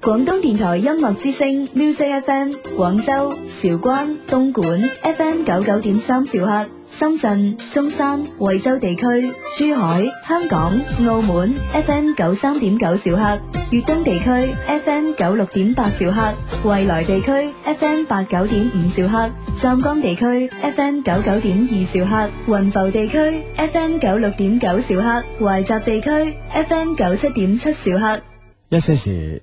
廣東電台音樂之聲，music F M 廣州、韶關、東莞 F M 九九點三兆赫；深圳、中山、惠州地區，珠海、香港、澳門 F M 九三點九兆赫；粵東地區 F M 九六點八兆赫；惠來地區 F M 八九點五兆赫；湛江地區 F M 九九點二兆赫；雲浮地區 F M 九六點九兆赫；懷集地區 F M 九七點七兆赫。一些時。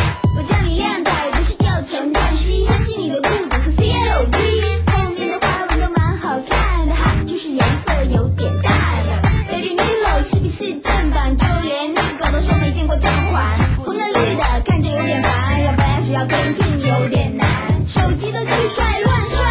是不是正版，就連那個都說沒見過正款。紅的綠的看着有點煩，要白需要跟進有點難。手機都巨帥亂帥。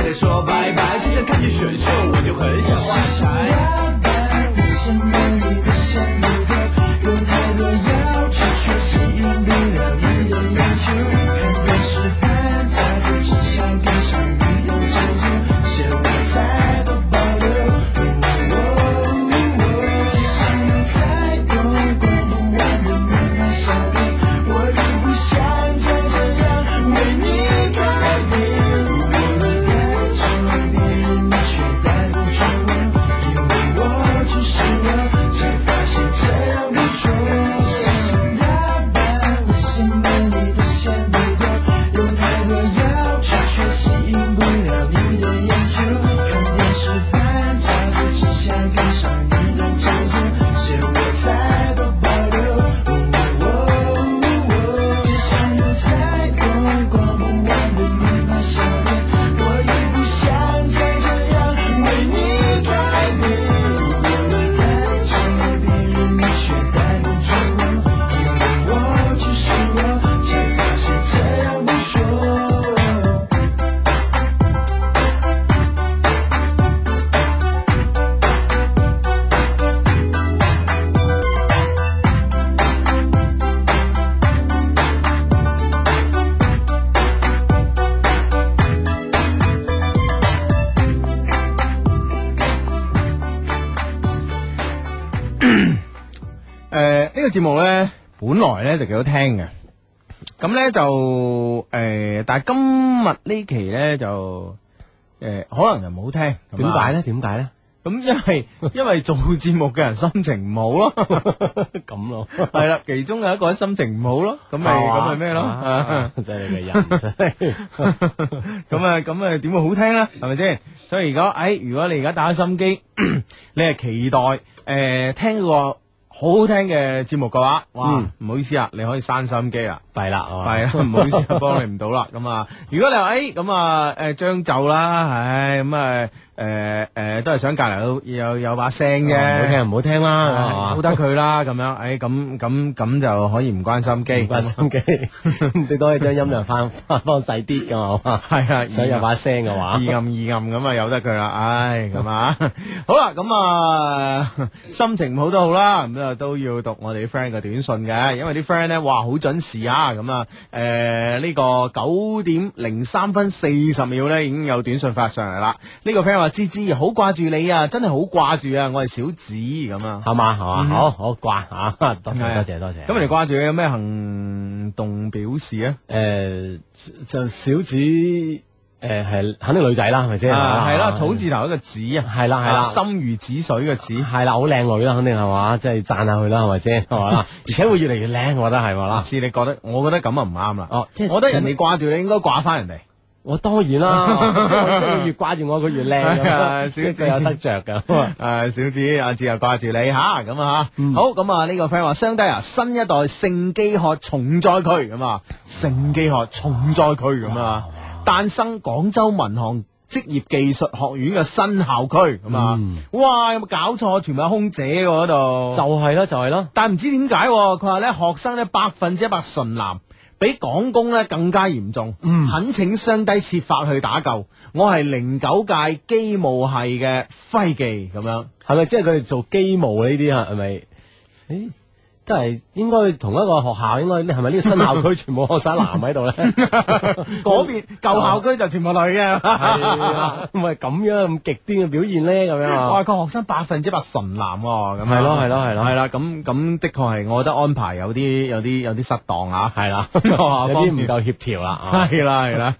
快點說拜拜！就像看見選秀，我就很想發財。節目咧，本來咧就幾好聽嘅，咁咧就誒，但係今日呢期咧就誒，可能就唔好聽。點解咧？點解咧？咁因為因為做節目嘅人心情唔好咯，咁咯，係啦，其中有一個人心情唔好咯，咁咪咁咪咩咯？就係你嘅人，真係。咁啊，咁啊，點會好聽咧？係咪先？所以如果誒，如果你而家打開收音機，你係期待誒聽個。好好聽嘅節目嘅話，哇，唔、嗯、好意思啊，你可以閂收音機啊，弊啦，係啊，唔好意思、啊，幫 你唔到啦。咁啊，如果你話誒，咁、哎、啊，誒、呃，將就啦，唉、哎，咁啊。誒誒，都係想隔籬有有把聲嘅，唔好聽唔好聽啦，冇得佢啦，咁樣，誒咁咁咁就可以唔關心機，唔關心機，最多係將音量翻翻翻細啲嘅，係嘛，係啊，想有把聲嘅話，二暗二暗咁啊，由得佢啦，唉，咁啊，好啦，咁啊，心情唔好都好啦，咁啊都要讀我哋啲 friend 嘅短信嘅，因為啲 friend 咧，哇，好準時啊，咁啊，誒呢個九點零三分四十秒咧，已經有短信發上嚟啦，呢個 friend 話。芝芝，好掛住你啊！真係好掛住啊！我係小紫咁啊，係嘛、嗯，係嘛，好好掛啊！多謝多謝多謝。咁人哋掛住你，你有咩行動表示啊？誒、呃，就小紫誒，係、呃、肯定女仔啦，係咪先？係啦、啊，啊、的草字頭一個紫啊，係啦係啦，心如止水嘅止，係啦，好靚女啦，肯定係嘛，即係讚下佢啦，係咪先？係嘛，而且會越嚟越靚，我覺得係啦。芝，你覺得？我覺得咁啊唔啱啦。哦，即係，我覺得人哋掛住你應該掛翻人哋。我當然啦，小係 越掛住我，佢越靚。小姐有得着噶誒，小子阿志又掛住你吓咁啊好咁啊，呢、啊啊啊嗯、個 friend 話，雙低啊，新一代聖機學重災區咁啊，聖機學重災區咁啊，誕、啊啊啊、生廣州民航職業技術學院嘅新校區咁啊，嗯、哇，有冇搞錯，全部係空姐嗰度？就係、是、啦，就係啦， 但係唔知點解，佢話咧學生咧百分之一百純男。比港工咧更加嚴重，懇、嗯、請雙低設法去打救。我係零九屆機務系嘅飛技咁樣，係咪？ 即係佢哋做機務呢啲啊？係咪？誒，都咦係。咦咦咦咦咦咦咦應該同一個學校，應該係咪呢個新校區全部學生男喺度咧？嗰邊舊校區就全部女嘅。唔係咁樣咁極端嘅表現咧，咁樣外國學生百分之百純男咁。係咯係咯係咯係啦，咁咁的確係，我覺得安排有啲有啲有啲失當啊，係啦，有啲唔夠協調啦。係啦係啦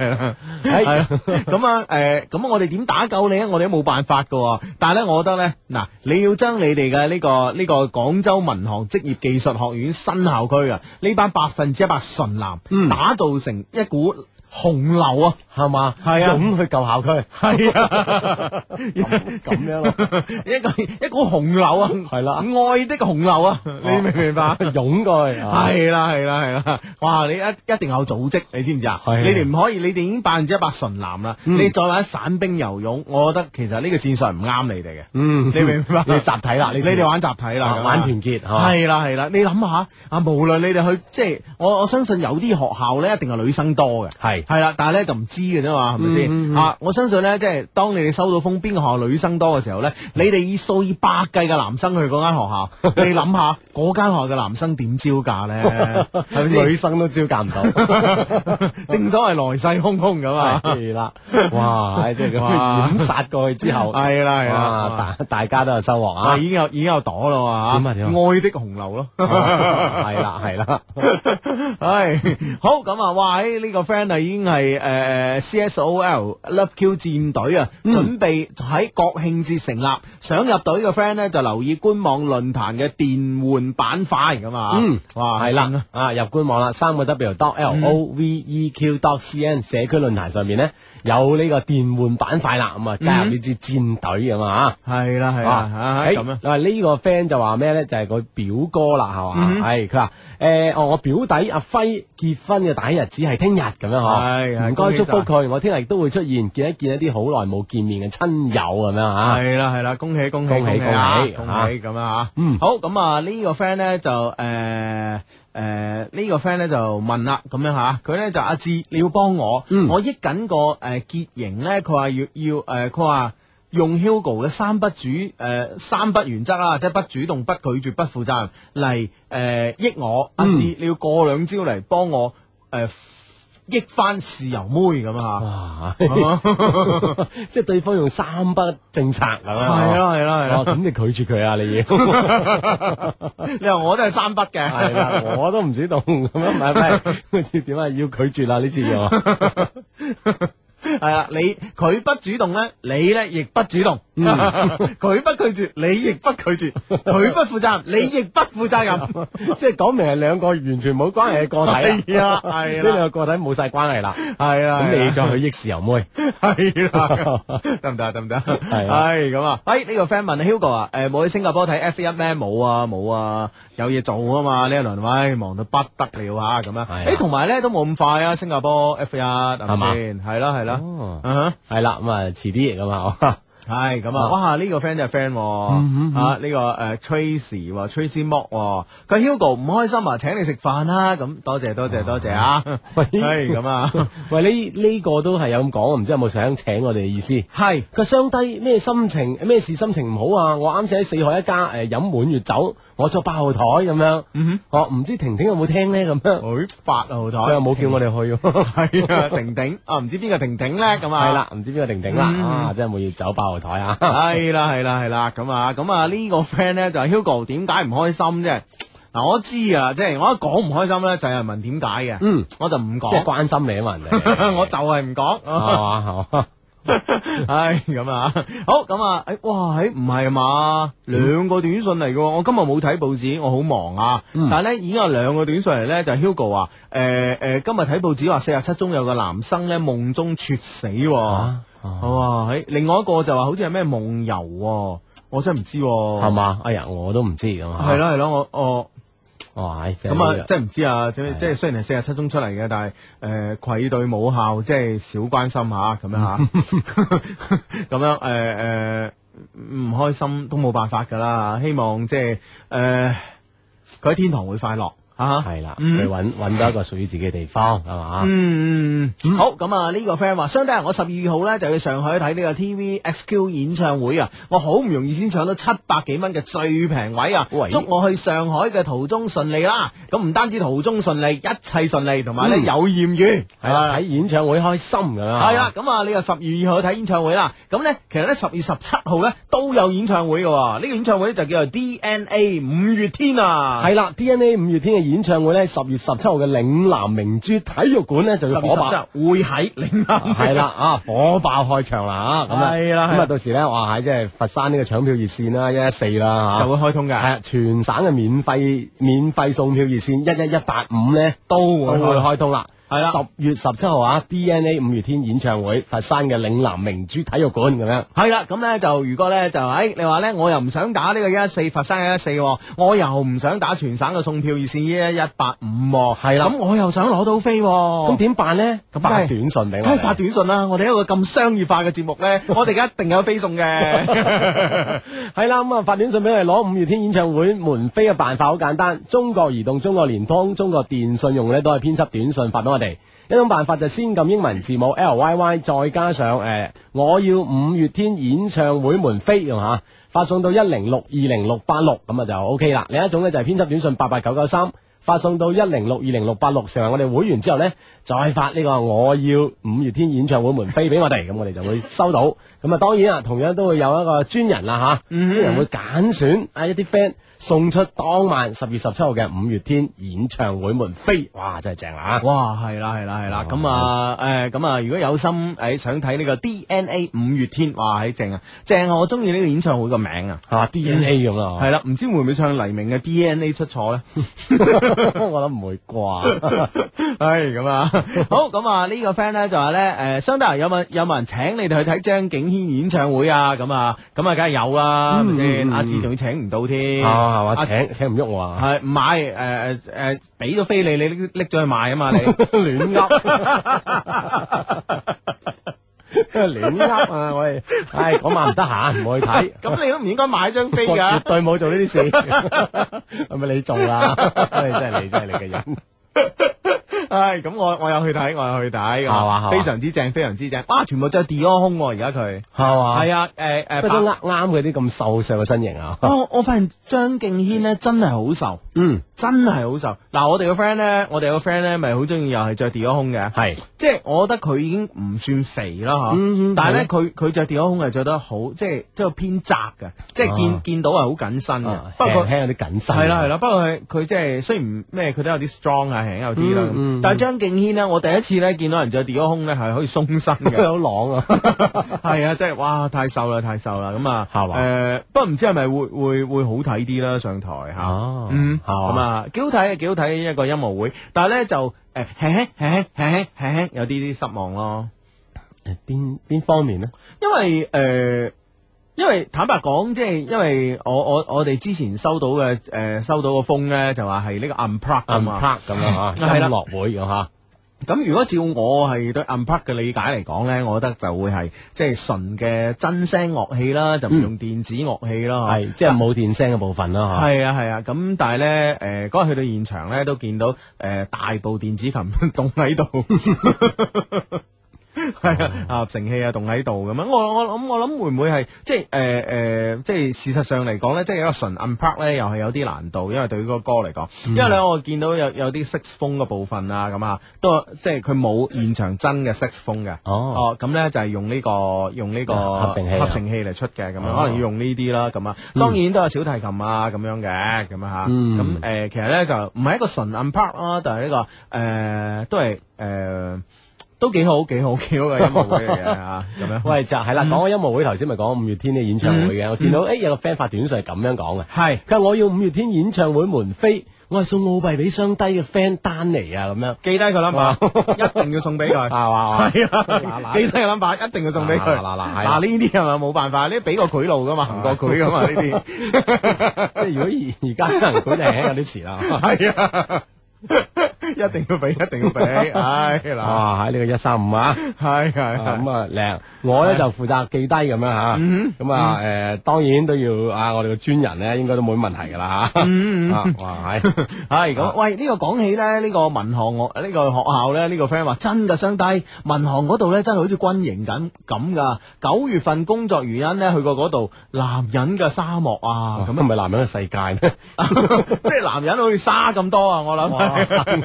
係啦，係咁啊，誒，咁我哋點打救你啊？我哋都冇辦法噶，但係咧，我覺得咧，嗱，你要將你哋嘅呢個呢個廣州民航職業技術學院。新校區啊！呢班百分之一百純男，藍嗯、打造成一股。洪流啊，係嘛？係啊，咁去舊校區。係啊，咁樣啦，一個一股洪流啊，係啦，愛的洪流啊，你明唔明白？湧過去，係啦係啦係啦，哇！你一一定有組織，你知唔知啊？你哋唔可以，你哋已經百分之一百純男啦，你再玩散兵游勇，我覺得其實呢個戰術唔啱你哋嘅。嗯，你明唔明白？你集體啦，你你哋玩集體啦，玩團結。係啦係啦，你諗下啊，無論你哋去即係，我我相信有啲學校咧，一定係女生多嘅。係。係啦，但係咧就唔知嘅啫嘛，係咪先吓？我相信咧，即係當你哋收到風邊個學校女生多嘅時候咧，你哋以數以百計嘅男生去嗰間學校，你諗下嗰間學校嘅男生點招架咧？係咪先？女生都招架唔到，正所謂來勢洶洶咁啊。係啦，哇，即係咁染殺過去之後，係啦係啦，大家都有收穫啊！已經有已經有朵啦嘛，點啊點啊，愛的紅樓咯，係啦係啦，唉，好咁啊，哇，呢個 friend 啊。已經係誒誒 C S O L Love Q 戰隊啊，準備喺國慶節成立，想入隊嘅 friend 咧就留意官網論壇嘅電玩板塊咁啊，嗯，哇，係啦，啊，入官網啦，三個 W dot L O V E Q dot C N 社區論壇上面咧。有呢個電玩板塊啦，咁啊加入呢支戰隊咁啊吓，係啦係啦，咁啊呢個 friend 就話咩咧？就係佢表哥啦，係嘛，係佢話誒，哦，我表弟阿輝結婚嘅大日子係聽日咁樣嗬，係，唔該祝福佢，我聽日都會出現，見一見一啲好耐冇見面嘅親友咁樣吓，係啦係啦，恭喜恭喜恭喜恭喜，咁啊吓，嗯，好，咁啊呢個 friend 咧就誒。誒呢、呃這個 friend 咧就問啦，咁樣嚇，佢、啊、咧就阿志、啊，你要幫我，嗯、我益緊個誒、呃、結形。」咧，佢話要要誒，佢話用 Hugo 嘅三不主誒、呃、三不原則啦，即係不主動、不拒絕、不負責任嚟誒、呃、益我，阿志、嗯啊、你要過兩招嚟幫我誒。呃益翻豉油妹咁啊！哇 即係對方用三不政策咁咯、啊，係咯係咯係咯。咁 你拒絕佢啊！你要 你話我都係三不嘅，係啦，我都唔主動咁樣，唔係唔係？點啊？ 要拒絕啦呢次又，係啊，啊 你佢不主動咧，你咧亦不主動。佢、嗯、不拒絕，你亦不拒絕；佢不負責任，你亦不負責任。即係講明係兩個完全冇關係嘅個體啦，係啦、啊，呢兩、啊、個個體冇晒關係啦，係啊。咁你再去益豉油妹，係啦、啊，得唔得得唔得？係，咁、哎這個、啊，啊。哎，呢個 friend 問 Hugo 啊，誒，冇喺新加坡睇 F 一咩？冇啊，冇啊，有嘢做啊嘛。呢一輪威忙到不得了啊。咁樣。哎，同埋咧都冇咁快啊，新加坡 F 一等先？係咯係咯，嗯哼，係啦。咁啊，遲啲嚟噶嘛。係咁啊！哇，呢個 friend 就係 friend，啊呢個誒 Tracey，Tracey Mok，佢 Hugo 唔開心啊，請你食飯啦！咁多謝多謝多謝啊！係咁啊！喂，呢呢個都係有咁講，唔知有冇想請我哋嘅意思？係個傷低咩心情？咩事心情唔好啊？我啱先喺四海一家誒飲滿月酒，我坐八號台咁樣。嗯，我唔知婷婷有冇聽呢？咁。佢八號台，佢又冇叫我哋去。係啊，婷婷啊，唔知邊個婷婷咧？咁啊，係啦，唔知邊個婷婷啦，啊真係滿月酒八號台啊，係啦，係啦，係啦，咁啊，咁啊，這個、呢個 friend 咧就係 Hugo，點解唔開心啫？嗱、啊，我知啊，即係我一講唔開心咧，就有人問點解嘅，嗯，我就唔講，即係關心你啊嘛，人哋我就係唔講，係嘛、 哎，係嘛，唉，咁啊，好，咁啊，誒，哇，喺唔係嘛，兩個短信嚟嘅，我今日冇睇報紙，我好忙啊，嗯、但係咧已經有兩個短信嚟咧，就係、是、Hugo 啊，誒、呃、誒、呃，今日睇報紙話四十七中有個男生咧夢中猝死、啊。啊好啊，喺另外一個就話好似係咩夢遊，我真係唔知係嘛。哎呀，我都唔知咁係咯係咯。我我，哦，咁啊，真係唔知啊。即係雖然係四十七中出嚟嘅，但係誒，愧對母校，即係少關心下咁樣吓，咁樣誒誒，唔開心都冇辦法噶啦。希望即係誒，佢喺天堂會快樂。啊，係啦，去揾到一個屬於自己嘅地方，係嘛？嗯好，咁啊呢個 friend 話，相當我十二號呢，就去上海睇呢個 T V X Q 演唱會啊，我好唔容易先搶到七百幾蚊嘅最平位啊，祝我去上海嘅途中順利啦。咁唔單止途中順利，一切順利，同埋咧有艷遇，係啊，睇演唱會開心噶啦。係啦，咁啊你又十二號去睇演唱會啦。咁呢，其實呢，十二十七號呢，都有演唱會嘅，呢個演唱會就叫做 D N A 五月天啊。係啦，D N A 五月天嘅。演唱會咧十月十七號嘅嶺南明珠體育館咧就要火爆，10 10會喺嶺南係啦啊，啊，火爆開場啦啊，係啦，咁啊到時咧哇，喺即係佛山呢個搶票熱線啦一一四啦吓，就、啊、會開通嘅，係全省嘅免費免費送票熱線一一一八五咧都會開通啦。係啦，十月十七號啊，DNA 五月天演唱會，佛山嘅嶺南明珠體育館咁樣。係啦，咁咧就如果咧就喺、哎、你話咧，我又唔想打呢個一一四，佛山一一四，我又唔想打全省嘅送票熱線一一八五，係啦、哦，咁了我又想攞到飛、啊，咁點辦呢？咁發短信俾我，發短信啦、啊！我哋一個咁商業化嘅節目咧， 我哋而家一定有飛送嘅。係 啦， 咁啊發短信俾你，攞五月天演唱會門飛嘅辦法好簡單，中國移動、中國聯通、中國電信用咧都係編輯短信發。我哋一種辦法就先撳英文字母 L Y Y，再加上誒我要五月天演唱會門飛用嚇，發送到一零六二零六八六咁啊就 OK 啦。另一種呢，就係編輯短信八八九九三，發送到一零六二零六八六，成為我哋會員之後呢，再發呢個我要五月天演唱會門飛俾我哋，咁我哋就會收到。咁啊當然啊，同樣都會有一個專人啦嚇，專人會揀選啊一啲 fans。送出當晚十月十七號嘅五月天演唱會門飛，哇真係正啊！哇係啦係啦係啦，咁啊誒咁啊如果有心誒想睇呢個 DNA 五月天，哇係正啊，正我中意呢個演唱會個名啊吓 DNA 咁啊，係啦，唔知會唔會唱黎明嘅 DNA 出錯咧？我諗唔會啩，係咁啊，好咁啊呢個 friend 咧就話咧誒，相當有冇有冇人請你哋去睇張敬軒演唱會啊？咁啊咁啊，梗係有啦，係咪先？阿志仲要請唔到添。係嘛、啊，請、啊、請唔喐我啊？係唔、啊、買？誒誒誒，俾咗飛你，你拎拎咗去買啊嘛？你亂噏，跟住亂噏啊！我哋唉，嗰晚唔得閒，唔好去睇。咁 你都唔應該買張飛噶， 絕對冇做呢啲事，係咪 你做啦？ 真係你真係你嘅人。唉，咁我我有去睇，我有去睇，非常之正，非常之正。哇，全部着 Dior 胸，而家佢係啊，誒誒，拍啱佢啲咁瘦削嘅身形啊。我我發現張敬軒呢真係好瘦，嗯，真係好瘦。嗱，我哋個 friend 咧，我哋個 friend 咧，咪好中意又係着 Dior 胸嘅。係，即係我覺得佢已經唔算肥啦，吓，但係咧佢佢着 Dior 胸係着得好，即係即係偏窄嘅，即係見見到係好緊身啊，不過聽有啲緊身，係啦係啦。不過佢佢即係雖然咩，佢都有啲 strong 啊。有啲啦，嗯嗯、但係張敬軒呢，嗯、我第一次咧見到人就着咗胸咧，係可以鬆身嘅，好朗啊，係 啊，即係哇，太瘦啦，太瘦啦，咁啊，誒果，呃、不過唔知係咪會會會好睇啲啦，上台吓，哦、嗯，係嘛、嗯，幾好睇啊，幾好睇一個音樂會，但係咧就誒、呃，有啲啲失望咯、呃，邊邊方面呢？因為誒。呃因為坦白講，即係因為我我我哋之前收到嘅誒、呃、收到個風咧，就話係呢個 unplugged 咁 un 啊，咁樣吓，音樂會咁、啊、吓。咁如果照我係對 unplugged 嘅理解嚟講咧，我覺得就會係即係純嘅真聲樂器啦，嗯、就唔用電子樂器咯，係即係冇電聲嘅部分啦，吓。係啊係啊，咁、啊啊啊、但係咧誒嗰日去到現場咧，都見到誒、呃、大部電子琴凍喺度。係、哦、啊，合成器啊，動喺度咁啊！我我諗我諗會唔會係即係誒誒，即係、呃呃、事實上嚟講咧，即係一個純 unplugged 咧，又係有啲難度，因為對於嗰個歌嚟講，嗯、因為咧我見到有有啲色士風嘅部分啊，咁啊，都即係佢冇現場真嘅色士風嘅哦，咁咧就係、是、用呢、這個用呢、這個合成器嚟、啊、出嘅，咁啊，可能要用呢啲啦，咁啊，當然都有小提琴啊咁樣嘅，咁啊吓，咁誒、嗯嗯呃，其實咧就唔係一個純 unplugged 咯，但係呢個誒都係誒。呃都幾好，幾好，幾好嘅音樂會嚟嘅吓，咁樣。喂，就係啦，講個音樂會，頭先咪講五月天嘅演唱會嘅。我見到，誒，有個 friend 發短信係咁樣講嘅，係，佢話我要五月天演唱會門飛，我係送澳幣俾雙低嘅 friend 丹尼啊，咁樣。記低佢諗法，一定要送俾佢，係嘛？記低佢諗法，一定要送俾佢。嗱呢啲係咪冇辦法？你俾個賄賂噶嘛，行過佢噶嘛呢啲。即係如果而而家，佢哋有啲遲啦。係啊。一定要俾，一定要俾，唉嗱，哇，喺呢個一三五啊，係係，咁啊靚，我咧就負責記低咁樣吓，咁啊誒，當然都要啊，我哋個專人咧應該都冇問題噶啦吓，啊哇，係係咁，喂，呢個講起咧，呢個民航我呢個學校咧，呢個 friend 話真噶相低，民航嗰度咧真係好似軍營緊咁噶，九月份工作原因咧去過嗰度，男人嘅沙漠啊，咁又唔係男人嘅世界咩？即係男人好似沙咁多啊，我諗。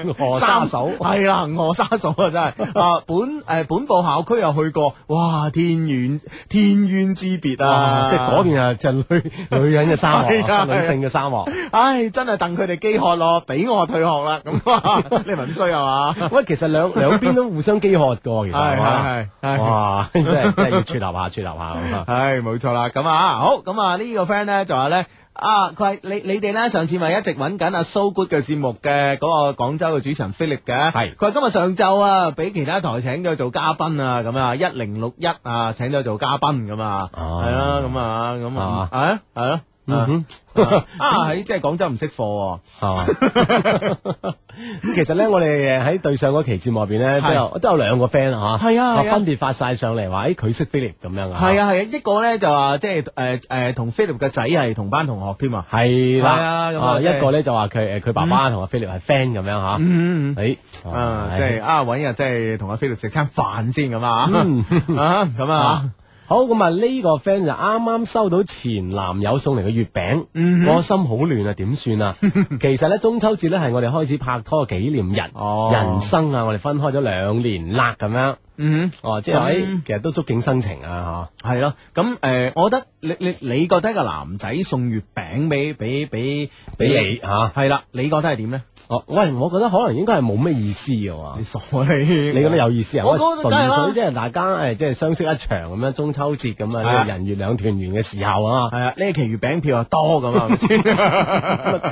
銀河三手係啦，銀河三手啊，手真係啊本誒、呃、本部校區又去過，哇，天遠天淵之別啊，即係嗰邊啊，就女女人嘅沙漠、 啊，女性嘅沙漠！唉、哎、真係等佢哋飢渴咯，俾我退學啦，咁你咪衰啊嘛？ 喂，其實兩兩邊都互相飢渴噶，其實係係哇即係真係要撮合下撮合下，係冇錯啦。咁啊 好，咁啊呢個 friend 咧就話咧.。 啊！佢話你你哋咧上次咪一直揾緊阿 So Good 嘅節目嘅嗰個廣州嘅主持人 Philip 嘅，係佢話今日上晝啊，俾其他台請咗做嘉賓啊，咁啊一零六一啊，請咗做嘉賓咁啊，係啊咁啊咁啊係啊，係啊。嗯啊，係即係廣州唔識貨哦。咁其實咧，我哋誒喺對上嗰期節目入邊咧，都有都有兩個 friend 啊，吓，係啊，分別發晒上嚟話誒佢識 Philip 咁樣啊。係啊係啊，一個咧就話即係誒誒同 Philip 嘅仔係同班同學添啊。係啦，啊一個咧就話佢誒佢爸爸同阿 Philip 係 friend 咁樣吓。嗯誒即係啊搵日即係同阿 Philip 食餐飯先咁啊。嗯。啊咁啊。好咁啊！呢個 friend 就啱啱收到前男友送嚟嘅月餅，嗯、哼我心好亂啊！點算啊？其實咧，中秋節咧係我哋開始拍拖嘅紀念日，哦、人生啊，我哋分開咗兩年啦，咁樣，嗯、哼哦，即係、嗯、其實都觸景生情啊，吓、嗯，係咯、啊。咁誒、呃，我覺得你你你覺得一個男仔送月餅俾俾俾俾你吓，係啦，你覺得係點咧？喂，我覺得可能應該係冇咩意思嘅喎，你傻閪？你覺得有意思啊？我純粹即係大家誒，即係相識一場咁樣，中秋節咁啊，人月兩團圓嘅時候啊，係啊，呢期月餅票又多咁啊，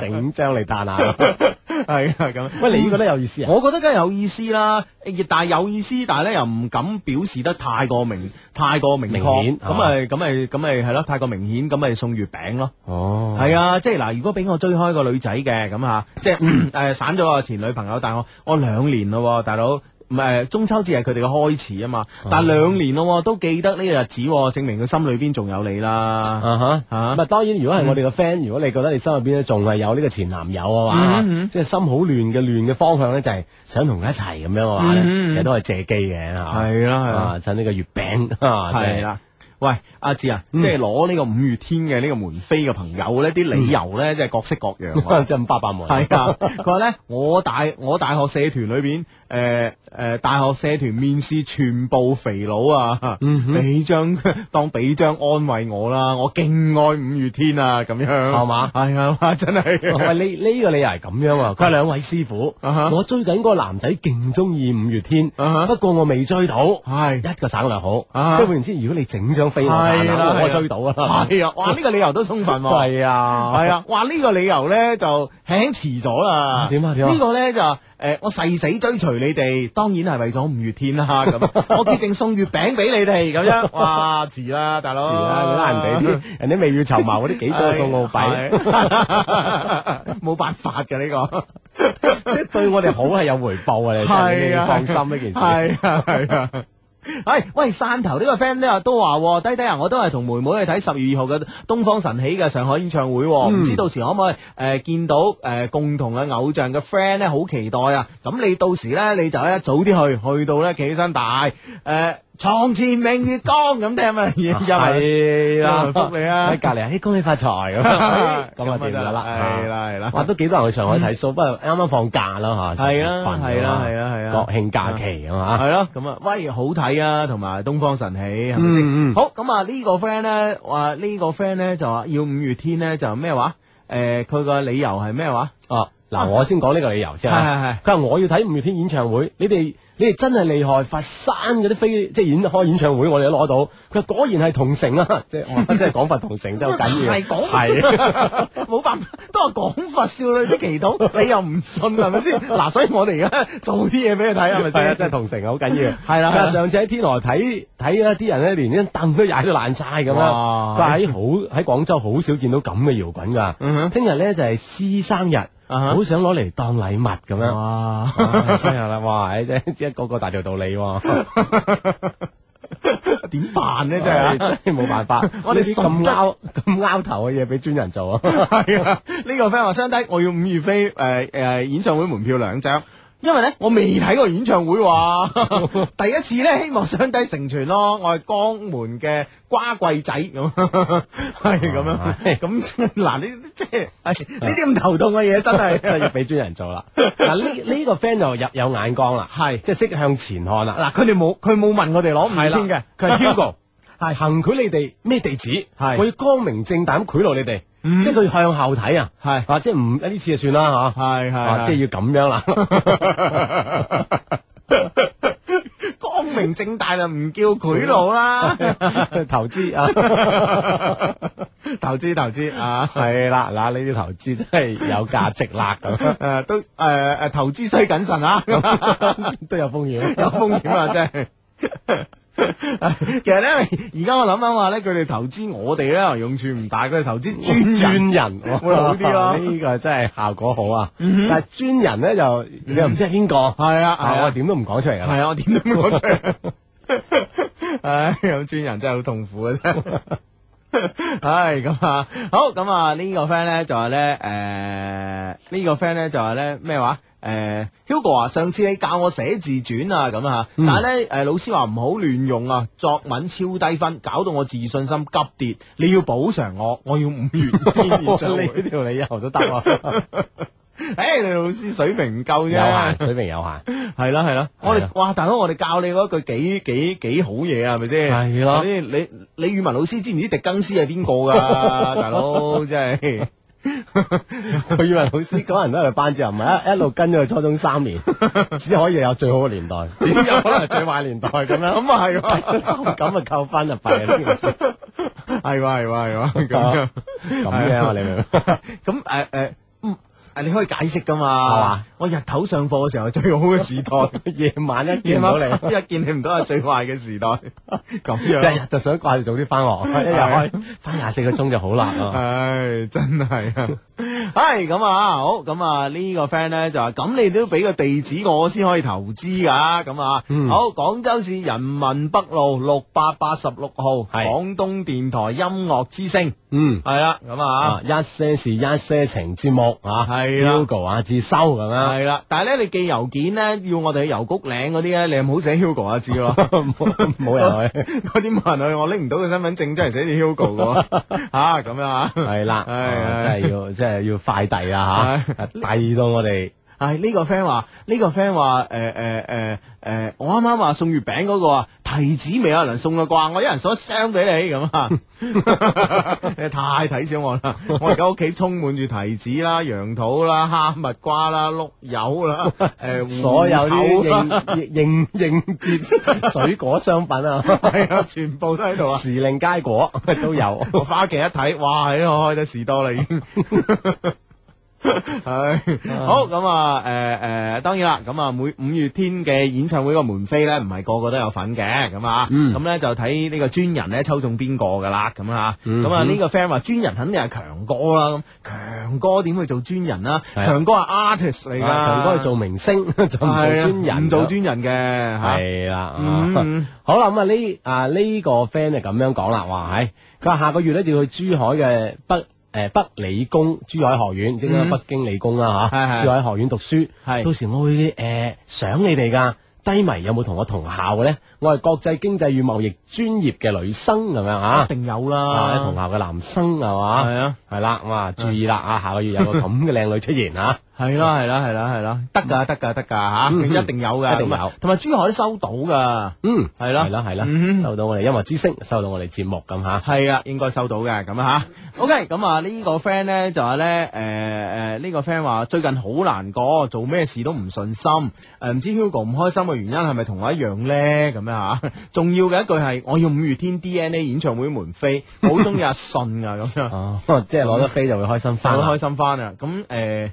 先？整張嚟彈下？係啊，咁喂，你覺得有意思啊？我覺得梗係有意思啦，但係有意思，但係咧又唔敢表示得太過明太過明顯，咁咪咁咪咁咪係咯？太過明顯咁咪送月餅咯。哦，係啊，即係嗱，如果俾我追開個女仔嘅咁啊，即係。誒，散咗個前女朋友，但我我兩年咯，大佬唔係中秋節係佢哋嘅開始啊嘛，但係兩年咯都記得呢個日子，證明佢心裏邊仲有你啦。吓吓，唔係當然，如果係我哋個 friend，如果你覺得你心裏邊仲係有呢個前男友嘅話，即係心好亂嘅亂嘅方向咧，就係想同佢一齊咁樣嘅話，其實都係借機嘅係嘛，係趁呢個月餅係啦。喂，阿志啊，即係攞呢個五月天嘅呢個門飛嘅朋友呢啲理由呢，即係各式各樣，真係五花八門。係啊，佢話呢，我大我大學社團裏邊，誒誒，大學社團面試全部肥佬啊，俾張當俾張安慰我啦，我勁愛五月天啊，咁樣係嘛？係啊，真係喂，呢呢個理由係咁樣啊。佢話兩位師傅，我追緊個男仔勁中意五月天，不過我未追到，係一個省略號，即係換言之，如果你整張。係啦，我追到啊！係啊，哇！呢個理由都充分喎。係啊，係啊，話！呢個理由咧就輕輕遲咗啦。點啊？點啊？呢個咧就誒，我誓死追隨你哋，當然係為咗五月天啦。咁我決定送月餅俾你哋，咁樣哇！遲啦，大佬，遲啦，你拉人哋啲，人哋未雨綢繆嗰啲幾多送澳幣，冇辦法嘅呢個，即係對我哋好係有回報啊，你放心呢件事。係啊，係啊。係、哎、喂，汕頭個呢個 friend 咧都話、哦，低低啊，我都係同妹妹去睇十月二號嘅東方神起嘅上海演唱會、哦，唔、嗯、知到時可唔可以誒、呃、見到誒、呃、共同嘅偶像嘅 friend 咧，好期待啊！咁你到時咧你就一早啲去，去到咧企起身大誒。呃.床前明月光咁聽乜嘢？係啦，祝福你啊！喺隔籬，恭喜發財咁啊！咁啊，掂啦啦！係啦，係啦！哇，都幾多人去上海睇 show？不過啱啱放假咯，吓係啊，係啊，係啊，係啊！國慶假期啊嘛，係咯，咁啊，喂，好睇啊！同埋東方神起，係咪先？好咁啊，呢個 friend 咧，話呢個 friend 咧就話要五月天咧，就咩話？誒，佢個理由係咩話？哦，嗱，我先講呢個理由先。係係係。佢話我要睇五月天演唱會，你哋。你哋真係厲害！佛山嗰啲飛，即係演開演唱會，我哋都攞到。佢果然係同城啊！即係即係廣佛同城真係好緊要，係講係冇辦法，都話廣佛少女的奇蹟，你又唔信係咪先？嗱，所以我哋而家做啲嘢俾你睇係咪先？啊，真係同城啊，好緊要。係啦，上次喺天台睇睇咧，啲人咧連張凳都踩到爛晒咁樣。佢喺好喺廣州好少見到咁嘅搖滾㗎。嗯，聽日咧就係師生日。好、uh huh. 想攞嚟當禮物咁樣、 哎，真係啦，哇！即係即係個個大條道，道理，啊，點 辦呢？ 真係真係冇辦法，我哋咁拗咁拗頭嘅嘢俾專人做啊！係啊，呢個 friend 話收低，我要五月飛誒誒、呃呃呃、演唱會門票兩張。因為咧，我未睇過演唱會喎，第一次咧，希望上帝成全咯。我係江門嘅瓜貴仔咁，係咁樣。咁嗱，呢即係呢啲咁頭痛嘅嘢，真係要俾專人做啦。嗱，呢呢個 friend 就入有眼光啦，係即係識向前看啦。嗱，佢哋冇佢冇問我哋攞五千嘅，佢係 Hugo，係行賄你哋咩地址，係我要光明正大咁賄賂你哋。即係佢向後睇啊，係，或者唔呢次就算啦，吓，係係，即係要咁樣啦，光明正大就唔叫賄賂啦，投資啊，投資投資啊，係啦，嗱呢啲投資真係有價值啦咁，誒，都誒誒，投資需謹慎啊，都有風險，有風險啊，真係。其實咧，而家我諗諗話咧，佢哋投資我哋咧，用處唔大。佢哋投資專人會好啲咯。呢個真係效果好啊！但係專人咧就你又唔知係邊個。係啊，我點都唔講出嚟噶。係啊，我點都唔講出嚟。唉，有專人真係好痛苦嘅啫。唉，咁啊，好咁啊，呢個 friend 咧就話咧，誒，呢個 friend 咧就話咧咩話？誒、呃，Hugo 啊，上次你教我寫自傳啊，咁吓，但係咧，誒，老師話唔好亂用啊，作文超低分，搞到我自信心急跌。你要補償我，我要五月天然水呢條理由都得啊！你老師水平唔夠啫，有限水平，有限，係啦係啦，啦啦我哋啦哇，大佬，我哋教你嗰句幾幾幾好嘢啊，係咪先？係啦， 你你語文老師知唔知狄更斯係邊個噶？大佬真係。佢 以為老師嗰人都係班主任，唔係一一路跟咗佢初中三年，只可以有最好嘅年代，點有可能係最壞年代咁啊？咁係嘛？咁啊扣分啊，弊、呃、嘅，係、哎、哇，係哇，係哇，咁嘅，咁嘅，你明？咁誒誒。啊，你可以解釋噶嘛？係嘛？我日頭上課嘅時候係最好嘅時代，夜晚一見唔到你，一見你唔到係最壞嘅時代。咁樣，就想掛住早啲翻學，一日翻廿四個鐘就好難咯。唉，真係啊！係咁啊，好，咁啊，呢個 friend 咧就話，咁你都俾個地址我先可以投資噶，咁啊，好，廣州市人民北路六百八十六號，廣東電台音樂之聲。嗯，係啦，咁啊，一些事一些情節目啊，係啦，Hugo 阿志收咁啊，係啦，但係咧你寄郵件咧要我哋去郵局領嗰啲咧，你唔好寫 Hugo 阿志咯，冇人去，嗰啲冇人去，我拎唔到個身份證，真係寫住 Hugo 嘅，吓咁樣啊，係啦，係真係要真係要快遞啊吓，遞到我哋。係呢個 friend 話，呢、呢個 friend 話，誒誒誒誒，我啱啱話送月餅嗰、嗰個啊，提子未有人送過啩？我一人送一箱俾你咁啊！ 你太睇小我啦！我而家屋企充滿住提子啦、楊桃啦、哈密瓜啦、碌柚啦，誒、呃， 所有啲應 應應節水果商品啊，係啊，全部都喺度啊！ 時令佳果都有，返屋企一睇，哇，喺、哎、我開得士多啦已經。 係 好咁啊！誒、嗯、誒、嗯呃呃，當然啦，咁啊每五月天嘅演唱會個門飛咧，唔係個個都有份嘅，咁、嗯、啊，咁咧、嗯、就睇呢個專人咧抽中邊、嗯嗯、個噶啦，咁啊，咁啊呢個 friend 話專人肯定係強哥啦，強哥點去做專人啊？強哥係 artist 嚟噶，強、啊、哥係做明星，啊、專專就唔做專人，做專人嘅，係啦。好啦，咁啊呢啊呢個 friend 係咁樣講啦，話係佢話下個月咧就要去珠海嘅北。誒，北理工珠海學院，應該、嗯、北京理工啦吓，啊、係係係珠海學院讀書，係係到時我會誒、呃、想你哋噶，低迷有冇同我同校嘅咧？我係國際經濟與貿易專業嘅女生，咁樣吓，一定有啦、啊，同校嘅男生係嘛？係啊。係啦，咁啊，注意啦，啊，下個月有個咁嘅靚女出現啊，係啦，係啦，係啦，係啦，得噶，得噶，得噶，吓，一定有噶，一定有，同埋珠海收到噶，嗯，係啦，係啦，係啦，收到我哋音樂之聲，收到我哋節目，咁吓，係啊，應該收到嘅，咁吓，OK，咁啊呢個 friend 咧就話咧，誒誒呢個 friend 話最近好難過，做咩事都唔順心，誒唔知 Hugo 唔開心嘅原因係咪同我一樣咧？咁樣吓，重要嘅一句係我要五月天 DNA 演唱會門飛，好中意阿信啊咁樣，即係。攞、嗯、得飛就會開心翻，好開心翻啊！咁誒。呃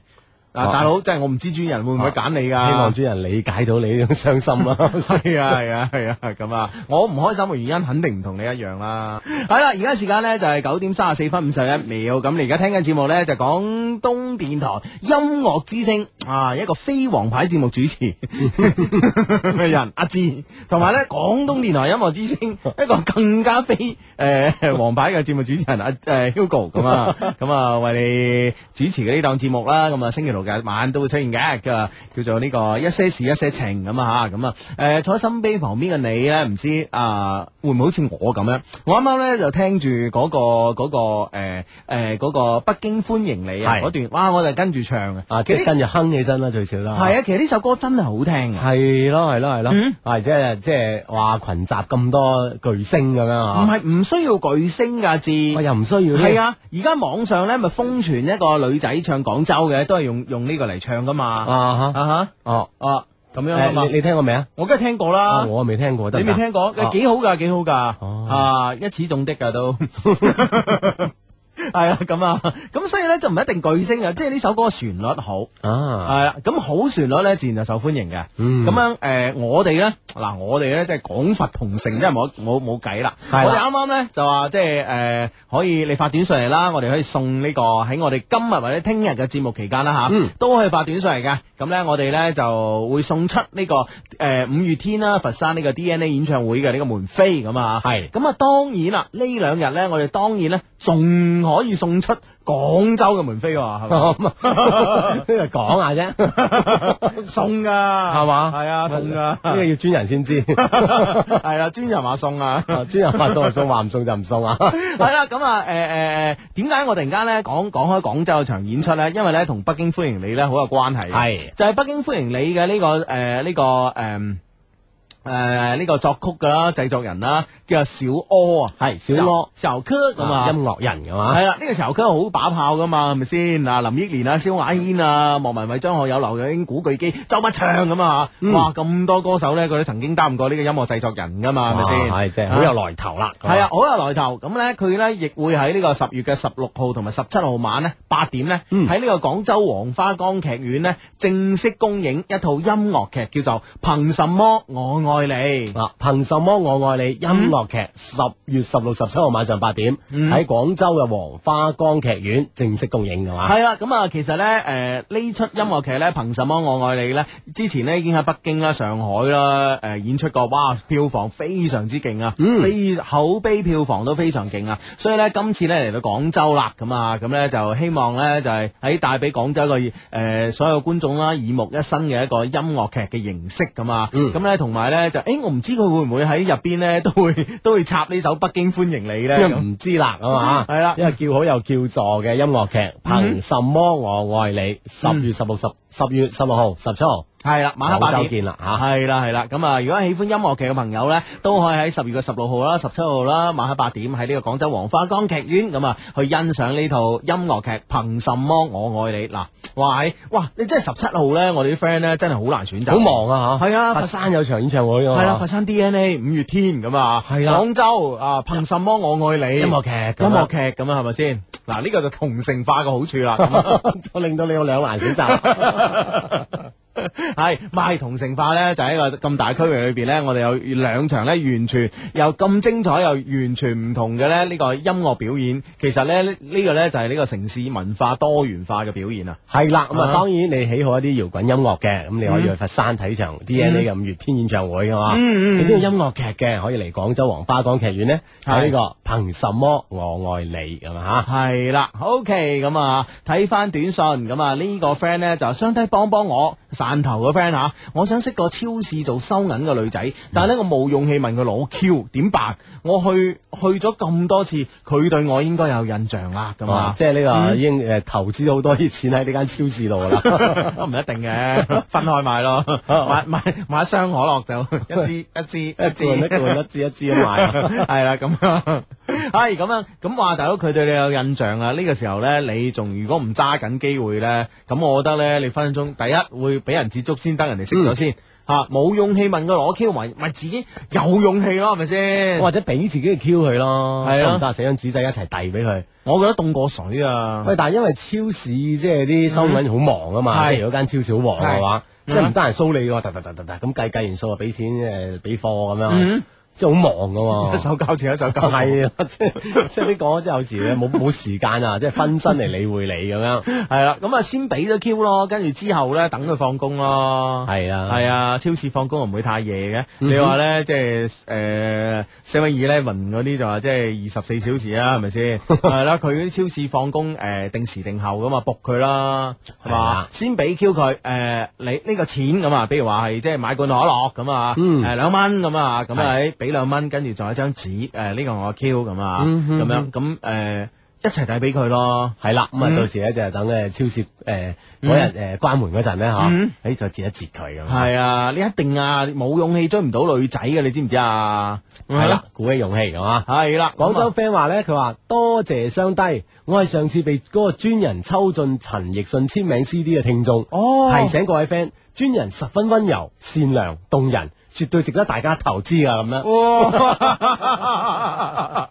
嗱，大佬，真係我唔知主人會唔會揀你噶？希望主人理解到你呢種傷心啦。所以啊，係啊，係啊，咁啊，我唔開心嘅原因肯定唔同你一樣啦。係啦，而家時間咧就係九點三十四分五十一秒。咁你而家聽緊節目咧就廣東電台音樂之聲啊，一個非王牌節目主持嘅人阿志，同埋咧廣東電台音樂之聲一個更加非誒王牌嘅節目主持人阿誒 Hugo 咁啊，咁啊為你主持嘅呢檔節目啦。咁啊星期六。晚都會出現嘅，叫叫做呢、這個一些事一些情咁啊咁啊，誒、呃、坐喺心扉旁邊嘅你咧，唔知啊、呃、會唔會好似我咁樣？我啱啱咧就聽住嗰、那個嗰、那個誒、呃呃那個、北京歡迎你啊嗰是段，哇！我就跟住唱啊，跟住實哼起身啦，最少啦。係實啊，其實呢首歌真係好聽啊。係咯，係咯，係咯，係即係即係話群集咁多巨星咁樣嚇。唔係唔需要巨星㗎，字我又唔需要。係啊的，而家的網上咧咪瘋傳一個女仔唱廣州嘅，都係用。用呢個嚟唱噶嘛啊哈啊哈哦哦咁樣，欸、你，你聽過未啊？我梗係聽過啦，oh, 我未聽過，你未聽過？幾、oh. 好噶，幾好噶啊，oh. uh, 一始中的噶都。 係啊，咁啊，咁所以咧就唔一定巨星啊，即係呢首歌旋律好啊，係啊，咁好旋律咧自然就受歡迎嘅。咁樣誒，我哋咧嗱，我哋咧即係廣佛同城，即係我我冇計啦。我哋啱啱咧就話即係誒，可以你發短信嚟啦，我哋可以送呢個喺我哋今日或者聽日嘅節目期間啦吓，都可以發短信嚟噶。咁咧我哋咧就會送出呢個誒五月天啦，佛山呢個 DNA 演唱會嘅呢個門飛咁啊，係。咁啊當然啦，呢兩日咧我哋當然咧仲。可以送出廣州嘅門飛，係咪？呢個講下啫， 送㗎係嘛？係 的吧啊，送㗎的呢個要專人先知，係 啊，專人話送啊， 專人話送就送，話唔 送就唔送啊。 係啦，咁、呃、啊，誒誒誒，點解我突然間咧講講,講開廣州嘅場演出咧？因為咧同北京歡迎你咧好有關係，係的就係北京歡迎你嘅呢、這個誒呢、呃這個誒。呃嗯誒，呢、呃這個作曲噶啦，製作人啦，叫做小柯啊，係小柯，小柯咁柯柯啊，音樂人噶嘛、啊，係啦，呢、這個小柯好把炮噶嘛，係咪先啊？林憶蓮啊，蕭亞軒啊，莫文蔚、張學友、劉若英、古巨基、周筆暢咁啊，嗯、哇，咁多歌手呢，佢都曾經擔任過呢個音樂製作人噶嘛，係咪先？係好的有來頭啦。係啊，好有來頭。咁呢，佢呢，亦會喺呢個十月嘅十六號同埋十七號晚呢，八點呢，喺呢個廣州黃花崗劇院呢，正式公映一套音樂劇，叫做《憑什麼我愛》。愛你啊，憑什麼我愛你？音樂劇十月十六、十七號晚上八點喺廣州嘅黃花崗劇院正式公映嘅嘛？係啦，咁啊，其實呢，誒、呃、呢出音樂劇呢，憑、嗯、什麼我愛你呢？之前呢已經喺北京啦、上海啦，誒、呃、演出過，哇，票房非常之勁啊，嗯、非口碑票房都非常勁啊，所以呢，今次呢嚟到廣州啦，咁啊，咁呢就希望呢就係喺帶俾廣州嘅誒、呃、所有觀眾啦耳目一新嘅一個音樂劇嘅形式，咁啊，咁、嗯、呢，同埋呢。就，誒、欸，我唔知佢會唔會喺入邊咧，都會都會插呢首《北京歡迎你》咧，因為唔這樣 知啦，咁嘛、嗯，係啦，因為對了 叫好又叫座嘅音樂劇《憑、嗯、哼 什麼我愛你》，十月十六十，十、嗯、月十六號、十七號。係啦，晚黑八點見啦吓，係啦係啦，咁啊，如果喜歡音樂劇嘅朋友咧，都可以喺十月嘅十六號啦、十七號啦，晚黑八點喺呢個廣州黃花崗劇院咁啊，去欣賞呢套音樂劇《憑什麼我愛你》嗱、啊，哇哇，你真係十七號咧，我哋啲 friend 咧真係好難選擇，好忙啊吓，係啊，佛山有場演唱會啊，係啦，佛山 DNA 五月天咁了啊，係啊，廣州啊《憑什麼我愛你》音樂劇，音樂劇咁啊，係咪先？嗱，呢個就同城化嘅好處啦， 就令到你有兩難選擇。 係賣 同城化呢，就喺、是、個咁大區域裏邊呢。我哋有兩場呢，完全又咁精彩又完全唔同嘅咧，呢、這個音樂表演，其實咧呢、這個呢，就係、是、呢個城市文化多元化嘅表現啊。係啦了，咁啊，當然你喜好一啲搖滾音樂嘅，咁你可以去佛山睇場 D N A 嘅五月天演唱會嘅嘛。嗯嗯、你中意音樂劇嘅，可以嚟廣州黃花崗劇院呢，有呢、這個憑的什麼我愛你咁、okay, 啊？吓。係啦，O K，咁啊，睇翻短信，咁啊呢、這個 friend 呢，就相睇幫幫我。汕頭個 friend 吓，我想識個超市做收銀嘅女仔，但係咧我冇勇氣問佢攞 Q，點辦？我去去咗咁多次，佢對我應該有印象啦，咁啊，即係呢個、嗯、已經誒投資好多啲錢喺呢間超市度啦，都唔 一定嘅，分開買咯，買買買一箱可樂就 一支一支，一支， 一支一支，一支一支一支咁買，係啦咁，係咁啊，咁話大佬佢對你有印象啦，呢、這個時候咧你仲如果唔揸緊機會咧，咁 我覺得咧你分分鐘第一，第一會俾。人接觸先得，人哋識咗先嚇，冇勇氣問佢攞 Q 咪咪自己有勇氣咯，係咪先？或者俾自己嘅 Q 佢咯，係啊，得，寫張紙仔一齊遞俾佢。我覺得凍過水啊。喂，但係因為超市即係啲收銀好忙啊嘛，即係如果間超市好忙嘅話，即係唔得閒騷你嘅話，噠噠噠咁計計完數啊，俾錢誒，俾貨咁樣。即係好忙嘅、啊、 一手交錢一手交。 係啊，即係即係你講，即係有時冇冇時間啊，即係分身嚟理會你咁樣。係啦，咁啊先俾咗 Q 咯，跟住之後咧等佢放工咯。係啊的，係啊，超市放工唔會太夜嘅。你話咧即係誒 Seven Eleven 嗰啲就話即係二十四小時啊，係咪先？係、嗯、啦，佢啲超市放工誒定時定候咁啊，僕佢啦係嘛？的先俾 Q 佢誒，你、呃、呢、這個錢咁啊，比如話係即係買罐可樂咁啊，誒、呃、兩蚊咁啊，咁啊俾。 幾兩蚊，跟住仲有一張紙，誒、呃、呢、呢個我 Q 咁啊，咁樣咁誒一齊抵俾佢咯，係啦，咁啊到時咧就係等誒超市誒嗰日誒關門嗰陣咧嗬，誒再截一截佢咁。係啊，你一定啊冇勇氣追唔到女仔嘅，你知唔知啊？係、嗯、哼 啦，鼓起勇氣咁啊，係啦，廣樣州 friend 話咧，佢話多謝雙低，我係上次被嗰個專人抽中陳陳奕迅簽名 CD 嘅聽眾。哦，提醒各位 friend，專人十分温柔、善良、善良動人。絕對值得大家投資啊！咁樣哇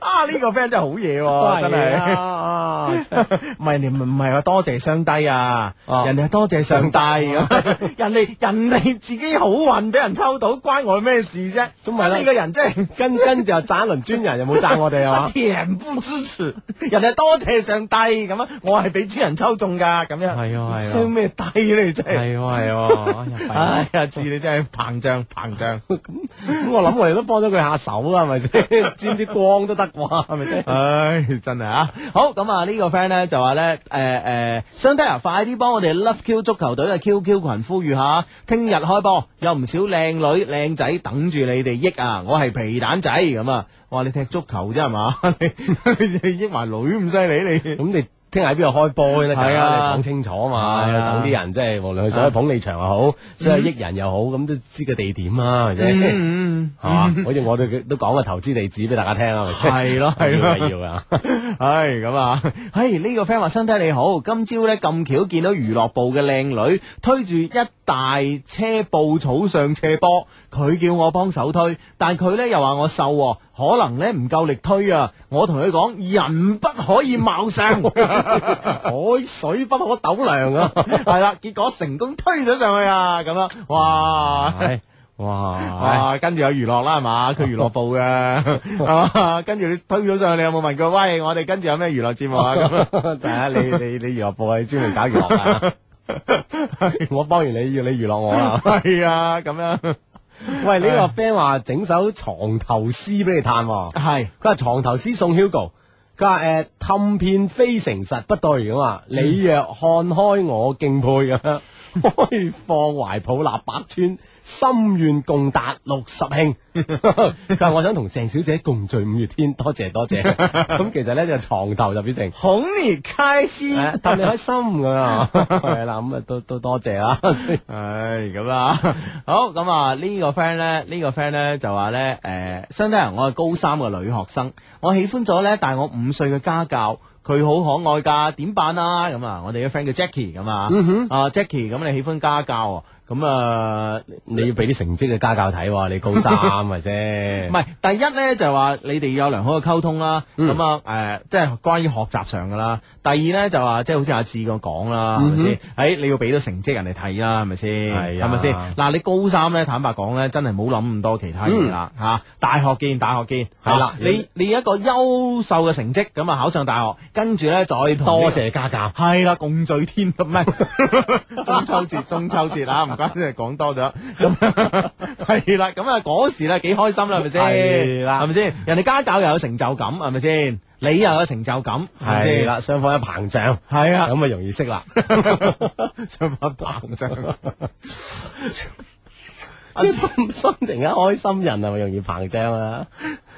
啊！呢個 friend 真係好嘢，真係。唔係你唔唔係話多謝上帝啊？人哋多謝上帝咁，人哋人哋自己好運俾人抽到，關我咩事啫？咁咪呢個人真係跟跟就讚一輪專人，又冇讚我哋啊。嘛？恬不人哋多謝上帝咁啊！我係俾專人抽中噶，咁樣係啊係啊！升咩低你真係係啊係啊！哎呀，字你真係朋。膨脹咁咁。 我諗我哋都幫咗佢下手啦，係咪先沾啲光都得啩，係咪先？唉、 哎，真係啊！好咁啊，這個，呢個 friend 咧就話咧，誒誒 s h a 快啲幫我哋 Love Q 足球隊嘅 QQ 群呼籲下，聽日開波，有唔少靚女靚仔等住你哋益啊！我係皮蛋仔咁啊！哇，你踢足球啫係嘛？你益埋女唔犀利你？咁你？聽日喺邊度開波先啦，講清楚啊嘛，等啲人即係無論佢想去捧你場又好，想去益人又好，咁都知個地點啊，係嘛？好似我哋都講個投資地址俾大家聽啊，係咯係咯，要啊！唉，咁啊，唉，呢個 friend 話身體你好，今朝咧咁巧見到娛樂部嘅靚女推住一大車布草上斜坡，佢叫我幫手推，但係佢咧又話我瘦。可能咧唔夠力推啊！我同佢講，人不可以貌相，海水不可斗量啊！係啦，結果成功推咗上去啊！咁樣，哇哇哇，跟住有娛樂啦，係嘛？佢娛樂部嘅，跟住你推咗上去，你有冇問佢？喂，我哋跟住有咩娛樂節目啊？咁樣，大家你你你娛樂部係專門搞娛樂噶，我幫完你，要你娛樂我啊？係啊，咁樣。喂，呢 個 friend 話整首床頭詩俾你嘆，哦，係佢話床頭詩送 Hugo，佢話誒，氹、呃、騙非誠實不對咁啊，你若看開我敬佩咁。 開放懷抱立百川，心願共達六十慶。但係我想同鄭小姐共聚五月天，多謝多謝。咁其實咧就床頭就變成哄你 開心，逗你開心咁啊。係啦，咁啊都都多謝啦。唉，咁啊好。咁啊呢、呢個 friend 咧，呢個 friend 咧就話咧，誒，相當人我係高三嘅女學生，我喜歡咗咧大我五歲嘅家教。佢好可愛㗎，點辦啊？嗯哼。咁啊，我哋嘅 friend 叫 Jacky 咁啊，啊 Jacky，咁你喜歡家教啊？咁啊，你要俾啲成績嘅家教睇喎，你高三咪先。唔係，第一咧就係話你哋有良好嘅溝通啦。咁啊，誒，即係關於學習上噶啦。第二咧就話，即係好似阿志個講啦，係咪先？誒，你要俾到成績人哋睇啦，係咪先？係，係咪先？嗱，你高三咧，坦白講咧，真係冇諗咁多其他嘢啦嚇。大學見，大學見，係啦。你你一個優秀嘅成績，咁啊考上大學，跟住咧再多謝家教，係啦，共聚天，唔係中秋節，中秋節啊！咁講多咗， 係啦，咁啊嗰時咧幾開心啦，係咪先？係啦 的，係咪先？人哋家教又有成就感，係咪先？你又有成就感，係啦的，雙方一膨脹，係啊的，咁咪容易識啦，雙方一膨脹。 心、啊、心情一開心，人係咪容易膨脹啊？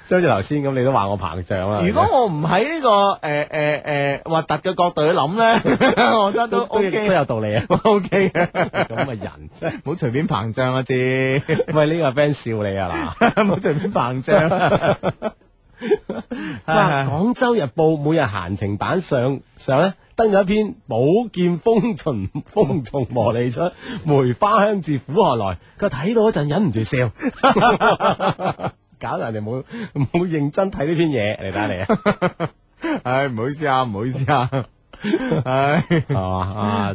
即係好似頭先咁，你都話我膨脹啊？如果我唔喺呢個誒誒誒核突嘅角度去諗咧，我覺得都 OK， 都，都，都有道理啊。 OK，咁啊， 人真唔好隨便膨脹啊！知喂，呢個 friend 笑你啊嗱，唔好隨便膨脹、啊。 哇！廣州日報每日閒情版上上咧登咗一篇《寶劍鋒從鋒從磨礪出，梅花香自苦寒來》，佢睇到嗰陣忍唔住笑，搞到人哋冇冇認真睇呢篇嘢，嚟睇嚟啊！唉，唔好意思啊，唔好意思啊。唉，係嘛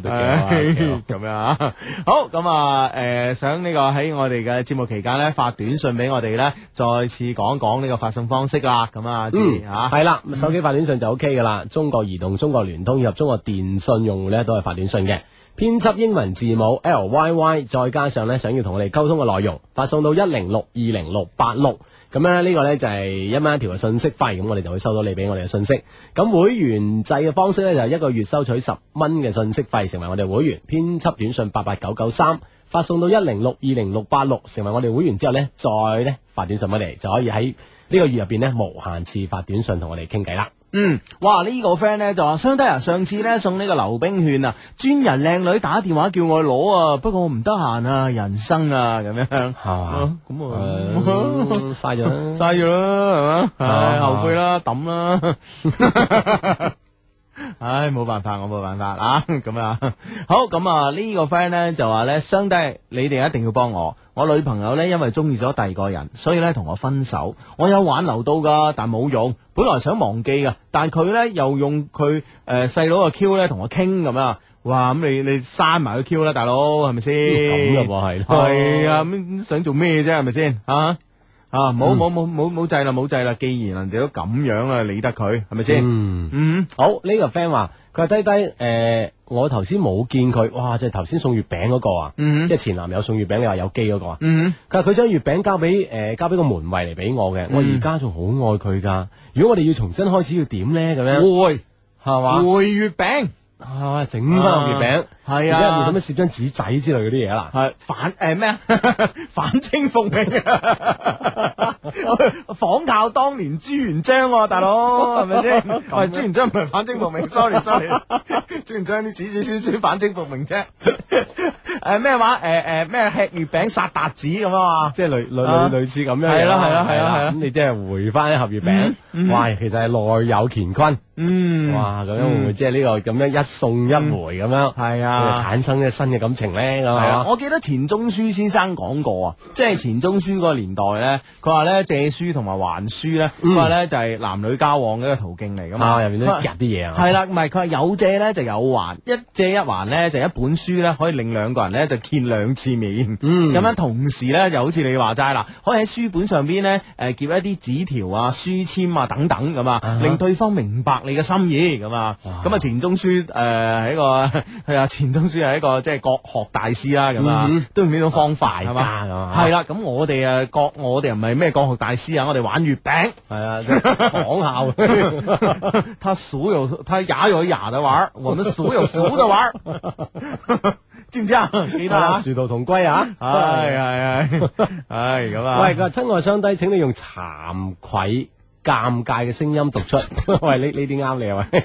啊，咁、啊啊、 樣啊，好咁啊，誒、呃，想呢個喺我哋嘅節目期間呢，發短信俾我哋呢，再次講講呢個發送方式啦，咁啊，嗯，吓係啦，了嗯、手機發短信就 OK 噶啦，中國移動、中國聯通以及中國電信用戶呢，都係發短信嘅，編輯英文字母 L Y Y，再加上呢，想要同我哋溝通嘅內容，發送到一零六二零六八六。咁呢個呢，就係一蚊一條嘅信息費，咁我哋就會收到你俾我哋嘅信息。咁會員制嘅方式呢，就係、是、一個月收取十蚊嘅信息費，成為我哋會員。編輯短信八八九九三，發送到一零六二零六八六，成為我哋會員之後呢，再呢，發短信俾你，就可以喺呢個月入邊呢，無限次發短信同我哋傾偈啦。嗯，哇！呢、這個 friend 咧就話，兄弟啊，上次咧送呢個溜冰券啊，專人靚女打電話叫我攞啊，不過我唔得閒啊，人生啊，咁樣係嘛，咁 啊，嘥、嗯、咗，嘥咗啦，係嘛，後悔啦，抌啦，唉、 哎，冇辦法，我冇辦法啊，咁啊，好，咁、嗯、啊，呢、這個 friend 咧就話咧，兄弟，你哋一定要幫我。我女朋友咧，因為中意咗第二個人，所以咧同我分手。我有挽留到噶，但冇用。本來想忘記噶，但佢咧又用佢誒細佬嘅 Q 咧同我傾咁、嗯、啊！哇咁你你刪埋佢 Q 啦，大佬係咪先？咁嘅係啦，係啊！想做咩啫？係咪先啊啊！冇冇冇冇冇制啦冇制啦！既然人哋都咁樣啊，理得佢係咪先？是是嗯嗯，好呢、呢個 friend 話。佢話低低誒、呃，我頭先冇見佢，哇！即係頭先送月餅嗰個啊，即係、嗯、哼前男友送月餅，你話有機嗰個啊，佢話佢將月餅交俾誒、呃，交俾個門衛嚟俾我嘅，我而家仲好愛佢噶。如果我哋要重新開始要呢，要點咧咁樣？會係嘛？會月餅，係整翻個月餅。係啊，而家做咩攝張紙仔之類嗰啲嘢啦？係反誒咩啊？反清復明，仿效當年朱元璋喎，大佬係咪先？喂，朱元璋唔係反清復明，sorry sorry，朱元璋啲子子孫孫反清復明啫。誒咩話？誒誒咩吃月餅殺達子咁啊？嘛？即係類類類似咁樣。係啦係啦係啦，咁你即係回翻一盒月餅。喂，其實係內有乾坤。嗯。哇，咁樣會唔會即係呢個咁樣一送一回咁樣？係啊。啊、產生一新嘅感情咧咁，啊，我記得錢鍾書先生講過啊，即係錢鍾書個年代咧，佢話咧借書同埋還書咧，佢話咧就係男女交往嘅一個途徑嚟噶嘛，入邊都夾啲嘢啊，係啦、啊，唔係佢話有借咧就有還，一借一還咧就一本書咧可以令兩個人咧就見兩次面，咁樣、嗯、同時咧就好似你話齋啦，可以喺書本上邊咧誒夾一啲紙條啊、書籤啊等等咁啊，令對方明白你嘅心意咁啊，咁啊錢鍾書誒喺、呃、個係啊錢。林宗書係一個即係、就是、國學大師啦，咁啊，嗯、都用呢種方法係嘛，係啦。咁我哋啊國，我哋又唔係咩國學大師啊，我哋玩月餅，哎呀、啊，好佢， 他俗有他雅有雅的玩，我們俗有俗的玩， 知唔知啊？記得啊，殊途同歸啊！係係係，咁啊。喂，親愛相低，請你用慚愧。尷尬嘅聲音讀出， 喂，呢呢啲啱你係咪？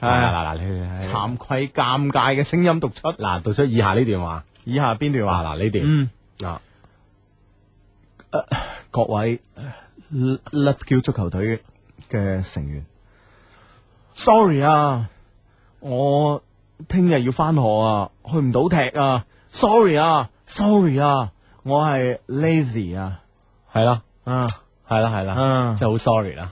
係嗱嗱，慚 愧，尷尬嘅聲音讀出，嗱，讀出以下呢段話，以下邊段話，嗱呢段，嗯，嗱、啊啊，各位 Loveq 足球隊嘅成員，Sorry 啊，我聽日要翻學啊，去唔到踢啊，Sorry 啊，Sorry 啊，我係 lazy 啊，係啦，嗯、啊。係啦，係啦，嗯，真係好 sorry 啦，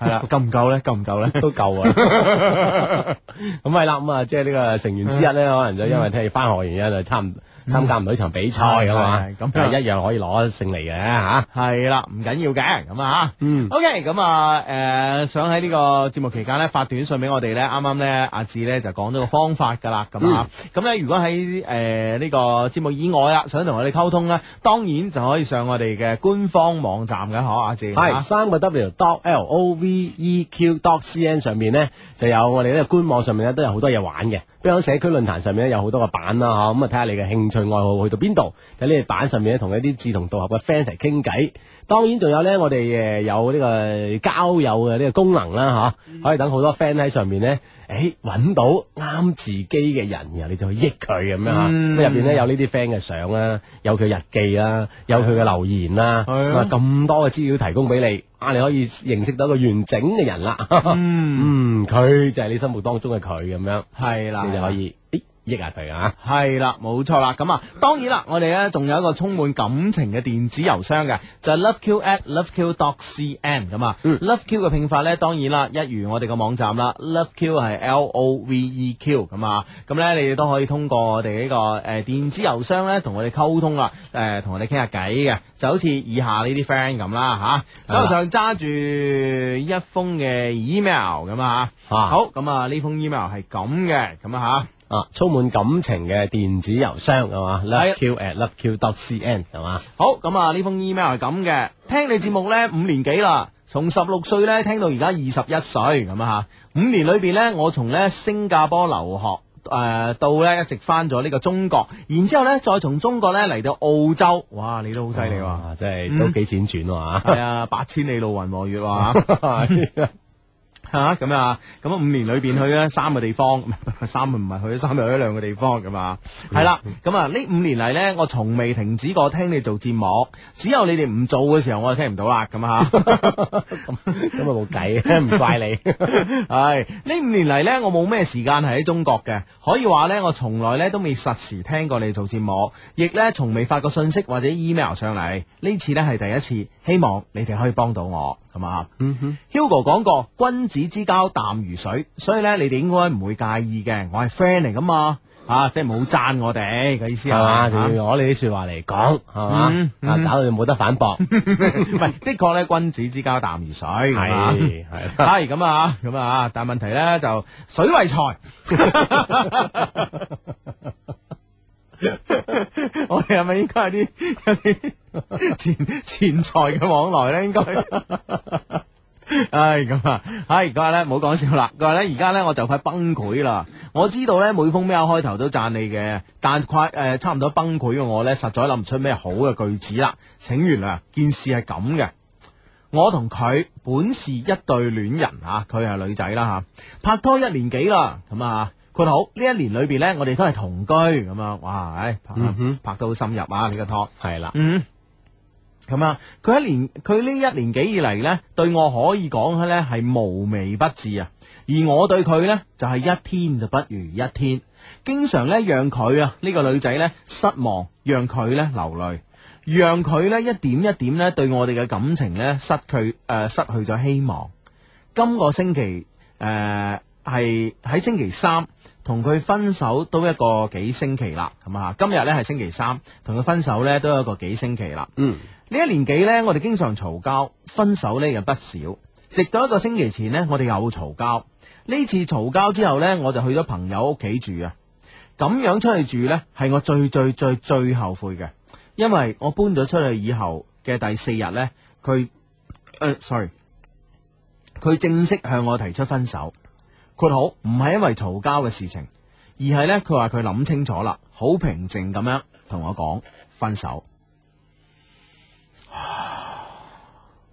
係啦，夠唔夠咧？夠唔夠咧？都夠啊，咁係啦，咁啊，即係呢個成員之一咧， 可能就因為聽日翻學原因，就差唔。參、嗯、加唔到呢場比賽嘅嘛，咁梗係、嗯、一樣可以攞勝利嘅吓。係啦、嗯，唔緊要嘅，咁啊嗯，OK，咁啊，誒，想喺呢個節目期間呢，發短信俾我哋呢，啱啱呢，阿志呢，就講咗個方法噶啦，咁啊，咁呢、嗯啊，如果喺誒呢個節目以外啊，想同我哋溝通呢、啊，當然就可以上我哋嘅官方網站嘅嗬、啊，阿志係三個 W dot L O V E Q dot C N 上面呢，就有我哋呢個官網上面呢，都有好多嘢玩嘅。喺社區論壇上面咧有好多個版啦，吓，咁啊睇下你嘅興趣愛好去到邊度，喺呢個版上面咧同一啲志同道合嘅 friend 一齊傾偈。當然仲有咧，我哋誒有呢個交友嘅呢個功能啦，吓、啊、可以等好多 friend 喺上面咧，誒、欸、揾到啱自己嘅人，然後你就去益佢咁樣吓。咁入邊咧有呢啲 friend 嘅相啦，有佢嘅日記啦，有佢嘅留言啦，咁的、啊、多嘅資料提供俾你，啊你可以認識到一個完整嘅人啦。啊、嗯，佢、嗯、就係你心目當中嘅佢咁樣，係、啊、啦，的你可以。益下佢啊！係啦，冇錯啦。咁啊，當然啦，我哋咧仲有一個充滿感情嘅電子郵箱嘅，就係、是、love q at love q dot c n 咁啊。love q 嘅拼、啊嗯、法咧，當然啦，一如我哋個網站啦，love q 係 l o v e q 咁啊。咁咧，你哋都可以通過我哋呢、這個誒、呃、電子郵箱咧，同我哋溝通啦。誒、呃，同我哋傾下偈嘅，就好似以下呢啲 friend 咁啦吓。啊、吧手上揸住一封嘅 email 咁啊，好咁啊，呢、啊、封 email 係咁嘅咁啊吓。啊、充滿感情嘅電子郵箱係嘛，loveq at loveq dot cn 係嘛。啊、好，咁啊呢封 email 係咁嘅，聽你節目呢五年幾啦，從十六歲呢聽到而家二十一歲咁啊。五年裏邊呢，我從呢新加坡留學誒、呃，到呢一直翻咗呢個中國，然之後呢再從中國呢嚟到澳洲，哇，你都好犀利喎，真係都幾輾轉哇，係啊，八千里路雲和月啊。 吓咁啊！咁啊五年裏邊去咗三個地方， 三唔係去咗三日，去咗兩個地方㗎嘛。係啦，咁啊呢五年嚟呢，我從未停止過聽你做節目，只有你哋唔做嘅時候，我就聽唔到啦。咁啊，咁咁啊冇計，唔怪你。唉， 呢五年嚟呢，我冇咩時間係喺中國嘅，可以話呢，我從來呢都未實時聽過你做節目，亦呢，從未發過訊息或者 email 上嚟。呢次呢係第一次，希望你哋可以幫到我。嗯哼，Hugo 講過君子之交淡如水，所以咧你哋應該唔會介意嘅。我係 friend 嚟噶嘛，吓、啊、即係冇讚我哋嘅意思係嘛，用我哋啲說話嚟講係嘛，吓搞到你冇得反駁，唔係 的確咧君子之交淡如水，係係係咁啊，咁啊，但係問題咧就水為財，我哋係咪應該啲啲？錢錢財嘅往來咧，應該，唉、 哎，咁啊，係，佢話咧唔好講笑啦，佢話咧而家咧我就快崩潰啦。我知道咧每封咩開頭都讚你嘅，但係誒、呃、差唔多崩潰嘅我咧，實在諗唔出咩好嘅句子啦。請原諒，件事係咁嘅，我同佢本是一對戀人啊，佢係女仔啦吓，拍拖一年幾啦，咁啊，佢好呢一年裏邊咧，我哋都係同居咁樣、啊，哇，唉、哎，拍到、嗯、哼好深入啊呢個拖對，係啦、嗯。嗯咁啊！佢一年佢呢一年幾以嚟咧，對我可以講咧，係無微不至啊。而我對佢呢就係、是、一天就不如一天，經常咧讓佢啊呢個女仔咧失望，讓佢呢流淚，讓佢呢一點一點咧對我哋嘅感情咧失去誒、呃、失去咗希望。今、這個星期誒係喺星期三。同佢分手都一個幾星期啦，咁啊，今日呢係星期三，同佢分手呢都一個幾星期啦。嗯，呢一年幾呢，我哋經常嘈交，分手呢又不少。直到一個星期前呢，我哋又嘈交。呢次嘈交之後呢，我就去咗朋友屋企住啊。咁樣出去住呢，係我最最最最最後悔嘅，因為我搬咗出去以後嘅第四日呢，佢誒、呃，sorry，佢正式向我提出分手。括好，唔係因為嘈交嘅事情，而係呢，佢話佢諗清楚啦，好平靜咁樣同我講分手。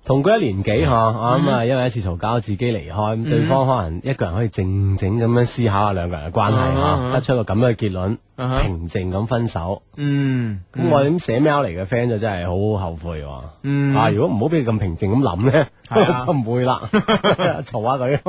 同佢一年幾嗬，我諗、嗯、啊，因為一次嘈交，自己離開，咁、嗯、對方可能一個人可以靜靜咁樣思考下兩個人嘅關係嗬，嗯嗯、得出個咁樣嘅結論，嗯、平靜咁分手。嗯，咁我點寫 mail 嚟嘅 friend 就真係好後悔喎。啊，如果唔好俾佢咁平靜咁諗咧，嗯、就唔會啦，嘈、啊、 下佢。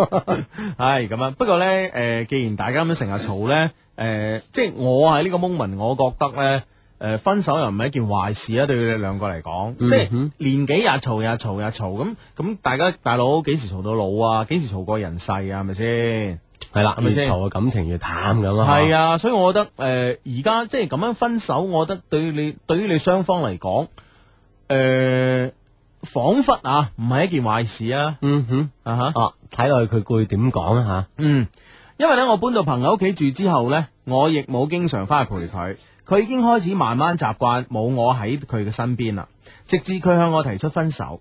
係咁啊，不過咧，誒、呃，既然大家咁成日嘈咧，誒、呃，即係我喺呢個 moment 我覺得咧。誒，分手又唔係一件壞事啊，對於你兩個嚟講，即係年幾日嘈，日嘈日嘈，咁咁大家大佬幾時嘈到老啊？幾時嘈過人世啊？係咪先？係啦，係咪先？越嘈嘅感情要淡咁咯。係啊，所以我覺得誒，而家即係咁樣分手，我覺得對於你對於你雙方嚟講，誒，仿佛啊，唔係一件壞事啊。嗯哼啊吓，哦，睇落去佢會點講啊吓。嗯，因為咧，我搬到朋友屋企住之後咧，我亦冇經常翻去陪佢。佢已經開始慢慢習慣冇我喺佢嘅身邊啦。直至佢向我提出分手，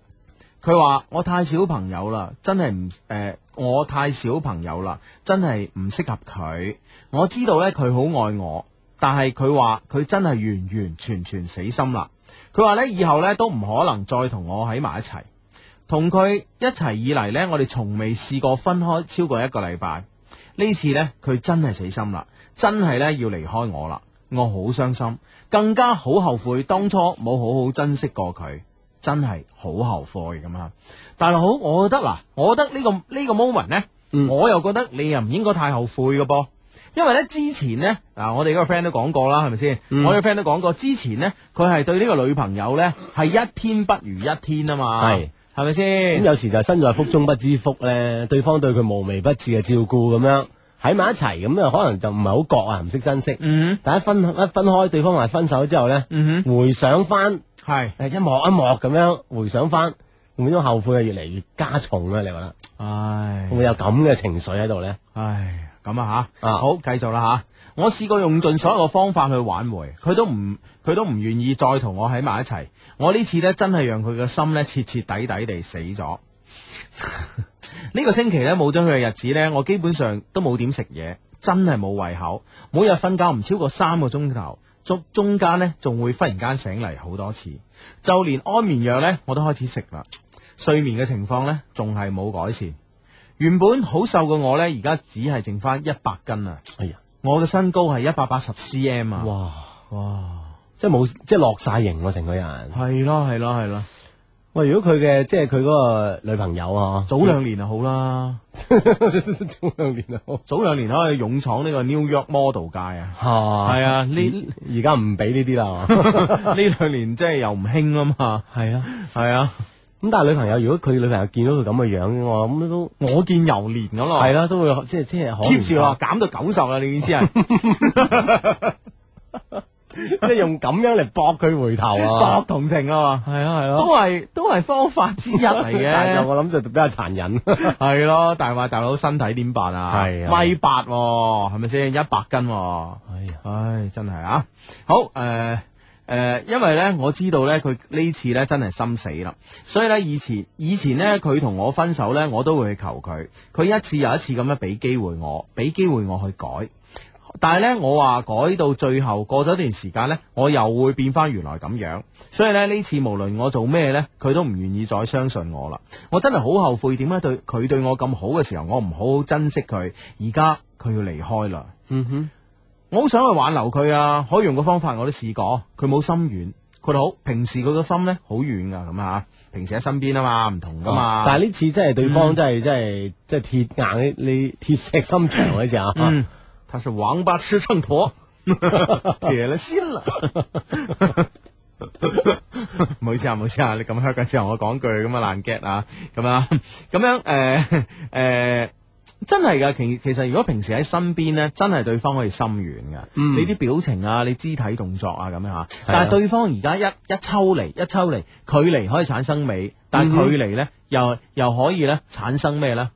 佢話我太小朋友啦，真係唔，呃，我太小朋友啦，真係唔適合佢。我知道呢，佢好愛我，但係佢話佢真係完完全全死心啦。佢話呢，以後呢都唔可能再同我喺埋一齊。同佢一齊以嚟呢，我哋從未試過分開超過一個禮拜。呢次呢，佢真係死心啦，真係呢要離開我啦。我好傷心，更加好後悔當初冇好好珍惜過佢，真係好後悔。嘅咁啊！大佬，我覺得嗱，我覺得呢、這個呢、這個 moment 呢，嗯、我又覺得你又唔應該太後悔嘅噃，因為呢之前呢，嗱我哋嗰個 friend 都講過啦，係咪先？嗯、我哋 friend 都講過之前呢，佢係對呢個女朋友呢，係一天不如一天啊嘛，係咪先？咁有時就身在福中不知福呢，對方對佢無微不至嘅照顧咁樣。喺埋一齊咁啊，可能就唔係好覺啊，唔識珍惜。嗯、哼但一分一分開，對方話分手之後咧，嗯、哼回想翻係，是一幕一幕咁樣回想翻，會唔會種後悔啊？越嚟越加重啊！你覺得？唉，會唔會有咁嘅情緒喺度呢？唉，咁啊吓啊，啊好繼續啦吓。我試過用盡所有嘅方法去挽回，佢都唔佢都唔願意再同我喺埋一齊。我呢次呢，真係讓佢嘅心呢，徹徹底底地死咗。 呢個星期呢冇咗佢嘅日子呢，我基本上都冇點食嘢，真係冇胃口。每日瞓覺唔超過三個鐘頭，中中間呢仲會忽然間醒嚟好多次。就連安眠藥呢，我都開始食啦。睡眠嘅情況呢，仲係冇改善。原本好瘦嘅我呢，而家只係剩翻一百斤啊！係啊、哎呀，我嘅身高係一百八十 cm 啊！哇哇，即係冇即係落晒型喎、啊，成個人係咯係咯係咯。喂，如果佢嘅即係佢嗰個女朋友啊，早兩年就好啦，早兩年好，早兩年可以勇闖呢個 New York Model 界啊，係啊，呢而家唔俾呢啲啦，呢兩年即係又唔興啊嘛，係啊，係啊，咁但係女朋友，如果佢女朋友見到佢咁嘅樣嘅話，我咁都我見猶憐咁咯，係啦，都會即係即係 keep 住話減到九十啦，你意思啊？即係 用咁樣嚟搏佢回頭、啊，搏同情啊！嘛，係啊係啊，啊都係都係方法之一嚟、啊、嘅。 我諗就比較殘忍，係 咯、 啊。但係話大佬身體點辦啊？係、啊、米八係咪先？一百斤、哦， 哎呀，唉，真係啊！好誒誒、呃呃，因為咧，我知道咧，佢呢次咧真係心死啦。所以咧，以前以前咧，佢同我分手咧，我都會去求佢。佢一次又一次咁樣俾機會我，俾機會我去改。但係呢，我話改到最後過咗段時間呢，我又會變翻原來咁樣。所以呢，呢次無論我做咩呢，佢都唔願意再相信我啦。我真係好後悔，點解對佢對我咁好嘅時候，我唔好好珍惜佢，而家佢要離開啦。嗯哼，我好想去挽留佢啊！可以用嘅方法我都試過，佢冇心軟。佢好平時佢嘅心呢好軟噶，咁啊吓，平時喺、啊、身邊啊嘛，唔同噶嘛。但係呢次真係對方真係真係真係鐵硬，你鐵石心腸嗰隻啊。嗯嗯他是王八吃秤砣，鐵 了心，唔好意思啊，唔好意思啊。你咁樣又之向我講句咁嘅爛 get 啊？咁樣咁樣誒誒、呃呃，真係噶。其其實如果平時喺身邊咧，真係對方可以心軟噶。嗯、你啲表情啊，你肢體動作啊，咁樣吓。但係對方而家一一抽離，一抽離，距離可以產生美，但係距離咧、嗯、又又可以咧產生咩咧？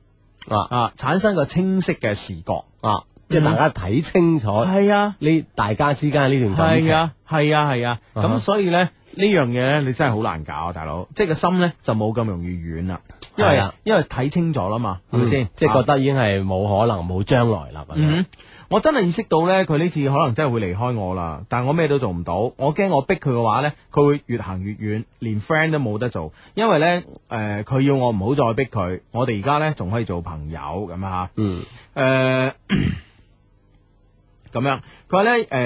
啊啊，產生個清晰嘅視覺啊！即係大家睇清楚，係啊，你大家之間呢段關係，係啊，係啊，咁所以咧呢樣嘢咧，你真係好難搞啊，大佬，即係個心咧就冇咁容易軟啦，因為因為睇清楚啦嘛，係咪先？即係覺得已經係冇可能冇將來啦。我真係意識到咧，佢呢次可能真係會離開我啦，但係我咩都做唔到，我驚我逼佢嘅話咧，佢會越行越遠，連 friend 都冇得做，因為咧誒佢要我唔好再逼佢，我哋而家咧仲可以做朋友咁吓，嗯，誒。咁樣，佢話咧，誒、呃，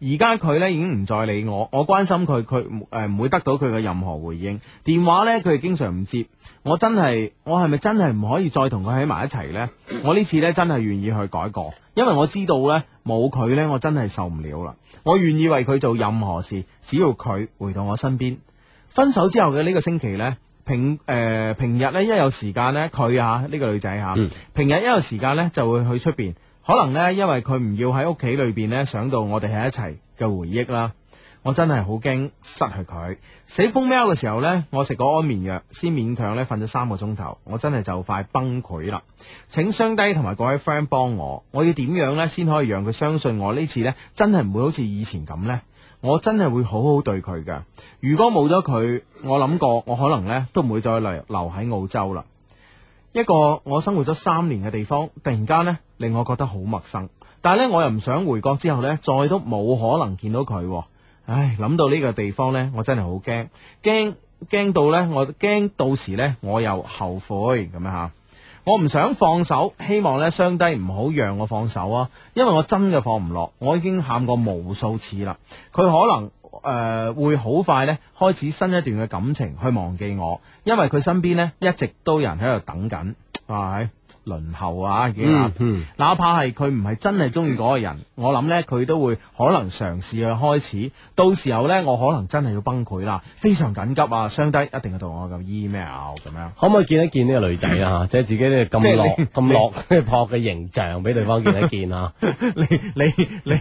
而家佢咧已經唔再理我，我關心佢，佢誒唔會得到佢嘅任何回應，電話咧佢經常唔接，我真係，我係咪真係唔可以再同佢喺埋一齊呢？我次呢次咧真係願意去改過，因為我知道呢，冇佢呢，我真係受唔了啦，我願意為佢做任何事，只要佢回到我身邊。分手之後嘅呢個星期呢，平誒、呃、平日呢，一有時間呢，佢啊呢、呢個女仔吓、啊，嗯、平日一有時間呢，就會去出邊。可能呢，因為佢唔要喺屋企裏邊呢，想到我哋喺一齊嘅回憶啦，我真係好驚失去佢。寫封 mail 嘅時候呢，我食個安眠藥，先勉強呢瞓咗三個鐘頭，我真係就快崩潰啦！請雙低同埋各位 friend 幫我，我要點樣呢？先可以讓佢相信我呢次呢，真係唔會好似以前咁呢。我真係會好好對佢噶。如果冇咗佢，我諗過我可能呢都唔會再嚟留喺澳洲啦。一個我生活咗三年嘅地方，突然間呢令我覺得好陌生。但係呢我又唔想回國之後呢，再都冇可能見到佢喎啊。唉，諗到呢個地方呢，我真係好驚驚驚到呢，我驚到時呢，我又後悔咁樣吓。我唔想放手，希望呢雙低唔好讓我放手啊，因為我真嘅放唔落。我已經喊過無數次啦，佢可能。誒、呃，會好快咧開始新一段嘅感情，去忘記我，因為佢身邊咧一直都有人喺度等緊。啊，輪候啊，見下，嗯嗯、哪怕係佢唔係真係中意嗰個人，嗯、我諗呢，佢都會可能嘗試去開始。到時候呢，我可能真係要崩潰啦，非常緊急啊，傷低一定要同我個 email 咁樣。可唔可以見一見呢個女仔啊？ 即係自己呢，咁落咁落魄嘅形象俾你對方見得見啊？你你 你，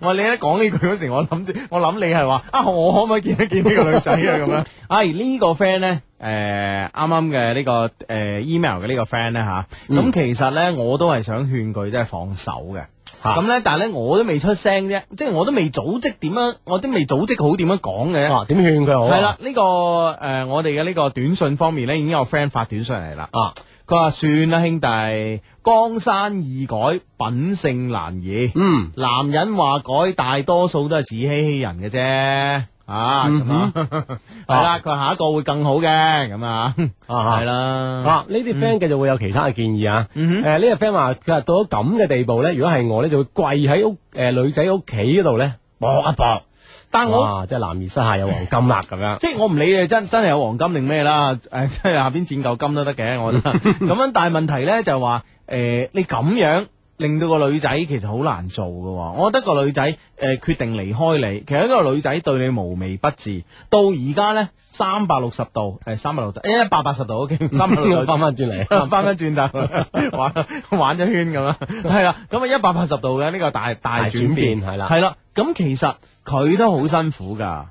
我你一講呢句嗰時，我諗我諗你係話啊，我可唔可以見得見呢個女仔啊？咁樣係呢、 哎呢個 friend 呢。誒啱啱嘅呢個誒、呃、email 嘅呢個 friend 咧、啊、嚇，咁、嗯、其實咧我都係想勸佢即係放手嘅，咁咧、啊、但係咧我都未出聲啫，即係我都未組織點樣，我都未組織好點樣講嘅。哇、啊！點勸佢好、啊？係啦，呢、呢個誒、呃、我哋嘅呢個短信方面咧已經有 friend 發短信嚟啦。啊，佢話算啦兄弟，江山易改，品性難移。嗯，男人話改大多數都係自欺欺人嘅啫。啊，咁啊，係啦，佢下一個會更好嘅，咁啊，係啦。哇，呢啲 friend 繼續會有其他嘅建議啊。誒，呢個 friend 話佢話到咗咁嘅地步咧，如果係我咧，就會跪喺屋誒女仔屋企嗰度咧，搏一搏。但係我，即係男兒膝下有黃金啦，咁樣。即係我唔理你真真係有黃金定咩啦？誒，即係下邊賺嚿金都得嘅，我咁樣。但係問題咧就話，誒，你咁樣。令到個女仔其實好難做嘅、啊。我覺得個女仔誒、呃，決定離開你，其實呢個女仔對你無微不至。到而家呢，三百六十度誒三百六十一百八十度，OK，三百六十翻翻轉嚟，翻翻轉頭玩玩咗圈咁啊，係啦。咁、這個、啊，一百八十度嘅呢個大大轉變，係啦，係啦。咁其實佢都好辛苦噶，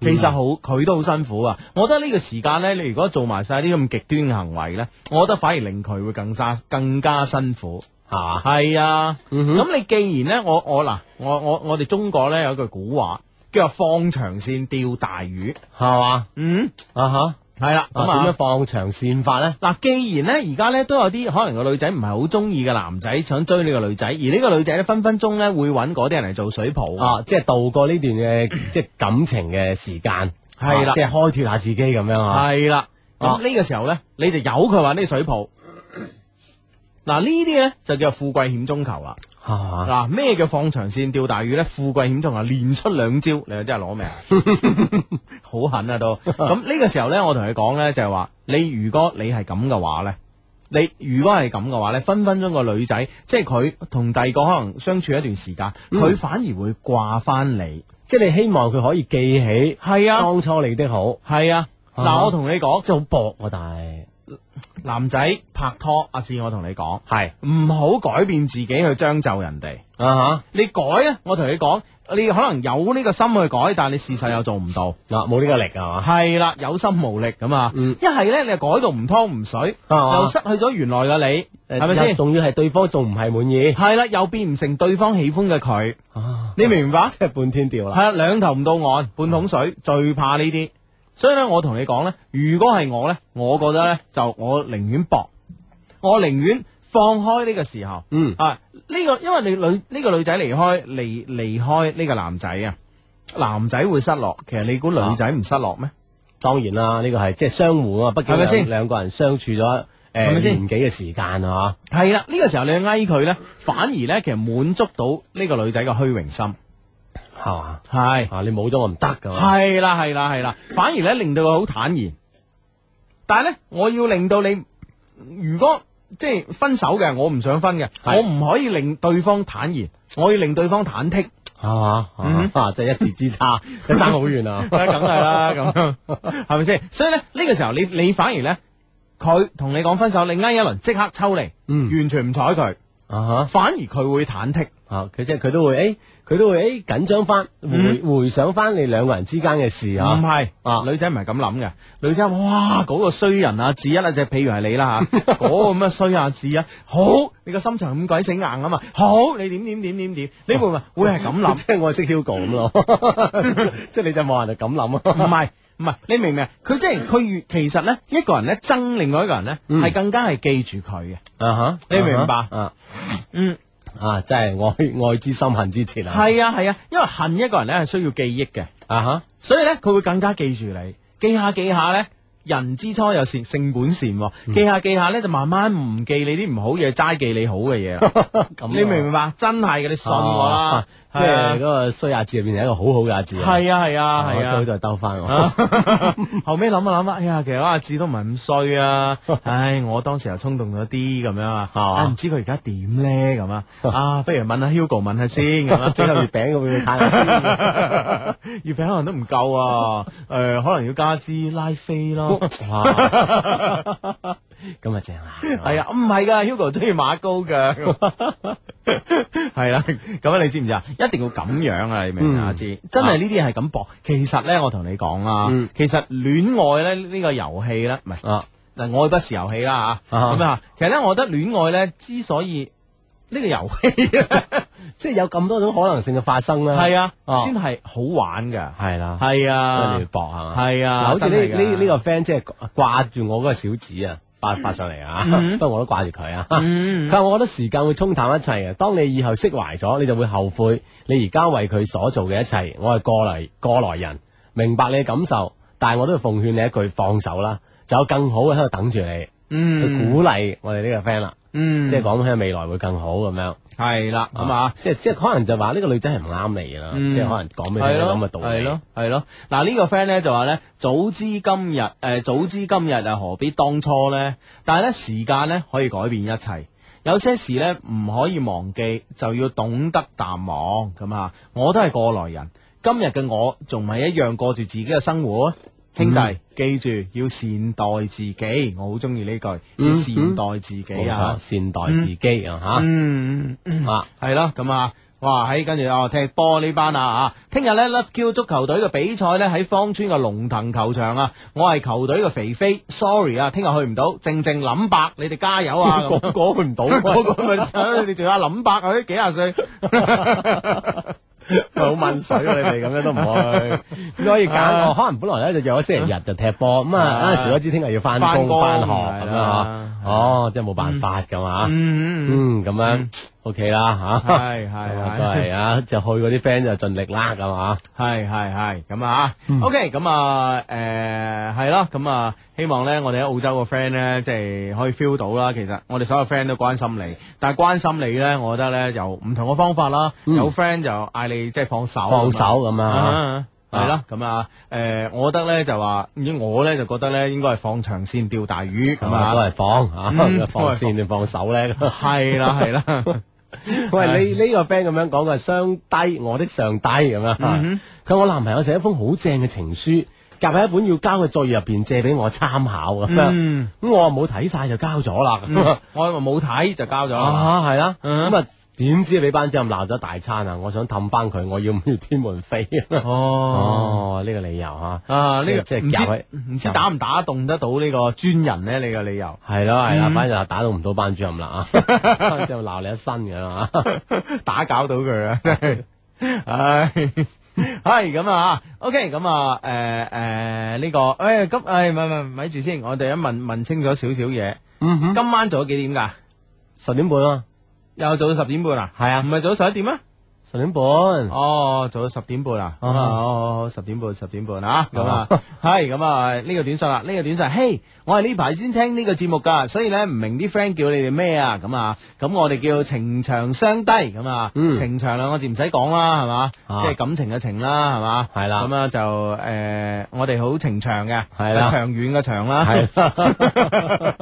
嗯、其實好佢都好辛苦啊。我覺得呢個時間呢，你如果做埋晒啲咁極端嘅行為呢，我覺得反而令佢會更更加辛苦。啊，係啊，咁你既然呢，我我嗱，我我我哋中國呢有句古話，叫做放長線釣大魚，係嘛，嗯，啊哈，係啦，咁點樣放長線法呢？嗱，既然呢，而家呢都有啲可能個女仔唔係好中意嘅男仔，想追呢個女仔，而呢個女仔呢分分鐘呢會揾嗰啲人嚟做水泡，啊，即係度過呢段嘅即係感情嘅時間，係啦，即係開脫下自己咁樣啊，係啦，咁呢個時候呢，你就由佢揾啲水泡。嗱呢啲呢，就叫富貴險中求啦。嗱咩、啊、叫放長線釣大魚呢？「富貴險中求，連出兩招，你又真係攞命，好 狠啊都。咁呢個時候呢，我同你講呢，就係、是、話，你如果你係咁嘅話呢，你如果係咁嘅話呢，分分鐘個女仔，即係佢同第二個可能相處一段時間，佢、嗯、反而會掛翻你，即、就、係、是、你希望佢可以記起，係啊，當初你的好，係啊。嗱我同你講，真係好薄啊，但係。男仔拍拖，阿志，我同你講，係唔好改變自己去將就人哋啊吓！你改咧，我同你講，你可能有呢個心去改，但係你事實又做唔到嗱，冇呢個力啊嘛，係啦，有心無力咁啊！一係咧，你又改到唔湯唔水，又失去咗原來嘅你，係咪先？仲要係對方仲唔係滿意？係啦，又變唔成對方喜歡嘅佢，你明白？即係半天掉啦，係兩頭唔到岸，半桶水，最怕呢啲。所以咧，我同你講咧，如果係我咧，我覺得咧，就我寧願搏，我寧願放開呢個時候，嗯啊，呢、這個因為你女呢、這個女仔離開離離開呢個男仔啊，男仔會失落，其實你估女仔唔失落咩、啊？當然啦，呢、這個係即係相互啊，畢竟係兩個人相處咗誒、呃、吧年幾嘅時間啊，吓係啦，呢、這個時候你去拉佢咧，反而咧，其實滿足到呢個女仔嘅虛榮心。係嘛？係啊！你冇咗我唔得噶係啦，係啦，係啦。反而咧，令到佢好坦然。但係咧，我要令到你，如果即係分手嘅，我唔想分嘅，我唔可以令對方坦然，我要令對方忐忑。係嘛？嗯，即係一字之差，即係差好遠啊！梗係啦，咁係咪先？所以咧，呢個時候你你反而咧，佢同你講分手，另挨一輪，即刻抽離，完全唔睬佢，反而佢會忐忑啊！佢即係佢都會誒。佢都會誒緊張翻，回回想翻你兩個人之間嘅事啊！唔係啊，女仔唔係咁諗嘅，女仔哇嗰個衰人啊，智一啊，就譬如係你啦吓，嗰個咁嘅衰啊智一，好你個心情咁鬼死硬啊嘛，好你點點點點點，你會唔會會係咁諗？即係我識 Hugo 咁咯，即係你就冇人就咁諗咯。唔係唔係，你明唔明啊？佢即係佢越其實咧，一個人咧憎另外一個人咧，係更加係記住佢嘅。啊哈，你明唔明啊？嗯。啊！真係愛愛之深恨之切啊！係啊係啊，因為恨一個人咧係需要記憶嘅啊哈，uh huh. 所以咧佢會更加記住你，記下記下咧，人之初有善性本善，哦，記下記下咧就慢慢唔記你啲唔好嘢，齋記你好嘅嘢。咁 樣、啊、你明唔明白？真係嘅，你信我啦。 即係嗰、啊、個衰阿字入面係一個好好嘅阿字，係啊係啊係啊，所以再兜翻我。後尾諗下諗啊，哎呀，其實阿字都唔係咁衰啊！唉，我當時又衝動咗啲咁樣啊，唔知佢而家點咧咁啊？不如問下 Hugo 問下先咁樣啊，整個月餅畀佢睇下先，月餅可能都唔夠啊，誒、呃，可能要加支拉菲咯。 咁啊正啦，係啊，唔係噶，Hugo 中意馬高噶，係啦，咁啊，你知唔知啊？一定要咁樣啊，你明唔明？知真係呢啲係咁搏。其實咧，我同你講啦，其實戀愛咧呢個遊戲咧，唔係嗱，愛不是遊戲啦吓。咁啊，其實咧，我覺得戀愛咧之所以呢個遊戲，即係有咁多種可能性嘅發生啦，係啊，先係好玩嘅，係啦，係啊，真係搏係嘛，係啊，好似呢呢呢個 friend 即係掛住我嗰個小指啊。發發上嚟啊！Mm hmm. 不過我都掛住佢啊。佢話、mm hmm. 我覺得時間會沖淡一切嘅。當你以後釋懷咗，你就會後悔你而家為佢所做嘅一切。我係過嚟過來人，明白你嘅感受，但係我都會奉勸你一句，放手啦，就有更好嘅喺度等住你。嗯、mm，hmm. 去鼓勵我哋呢個 friend 啦、啊。嗯，即係講起來未來會更好咁樣，係啦的，咁啊，即係即係可能就話呢個女仔係唔啱你啦，嗯、即係可能講咩咁嘅道理，係咯，係咯。嗱、啊這個、呢個 friend 咧就話、是、咧，早知今日，誒、呃、早知今日啊，何必當初咧？但係咧時間咧可以改變一切，有些事咧唔可以忘記，就要懂得淡忘咁啊！我都係過來人，今日嘅我仲係一樣過住自己嘅生活。兄弟，記住要善待自己，我好中意呢句，要善待自己啊！善待自己啊！吓，嗯嗯，係啦，咁啊，哇，喺跟住哦踢波呢班啊，啊，聽日咧 LoveQ 足球隊嘅比賽咧喺芳村嘅龍騰球場啊，我係球隊嘅肥肥，sorry 啊，聽日去唔到，靜靜諗伯，你哋加油啊！我我去唔到，我我咪你仲有諗伯啊？啲幾廿歲。好 問水啊！你哋咁樣都唔去，咁可以揀我。可能本來咧就約咗星期日就踢波，咁啊阿徐哥知聽日要翻工翻學，咁班啊的哦，的即係冇辦法噶嘛，嗯嗯咁樣、啊。O K 啦吓，係係係啊，就去嗰啲 friend 就盡力啦咁啊，係係係咁啊，O K 咁啊，誒係咯，咁啊，希望咧我哋喺澳洲個 friend 咧，即係可以 feel 到啦。其實我哋所有 friend 都關心你，但係關心你咧，我覺得咧有唔同嘅方法啦。有 friend 就嗌你即係放手，放手咁啊，係啦，咁啊，誒，我覺得咧就話，唔我咧就覺得咧應該係放長線釣大魚，咁啊，都係放啊，放線定放手咧？係啦係啦。 喂，你呢個 friend 咁樣講，嘅，係相低我的上帝咁樣吓。佢、嗯、哼我男朋友寫一封好正嘅情書。夾喺一本要交嘅作業入邊，借俾我參考咁樣，咁我又冇睇晒就交咗啦。我話冇睇就交咗。啊，係啦。咁啊，點知俾班主任鬧咗大餐啊？我想氹返佢，我要唔要天門飛。哦，呢個理由吓啊，呢個即係唔知唔知打唔打動得到呢個專人咧？你個理由係咯係啦，反正打動唔到班主任啦啊，之後鬧你一身嘅啦吓，打攪到佢啊，真係，唉。係咁啊，OK，咁啊，誒、okay, 誒、啊，呢、呃呃這個誒，咁、哎，誒，咪咪咪住先，我哋一問問清咗少少嘢。嗯哼，今晚做咗幾點噶？十點半啊，又做到十點半啊？係啊，唔係做到十一點咩？十點半，哦，做到十點半啊？ 哦，好，十點半，十點半啊？咁啊，係咁 啊，呢、這個短信啦、啊，呢、這個短信、啊，嘿、hey。我係呢排先聽呢個節目噶，所以咧唔明啲 friend 叫你哋咩啊？咁啊，咁我哋叫情長商低咁啊，情長啦，兩個字唔使講啦，係嘛，即係感情嘅情啦，係嘛，係啦，咁啊就誒，我哋好情長嘅，係啦，長遠嘅長啦，係啦，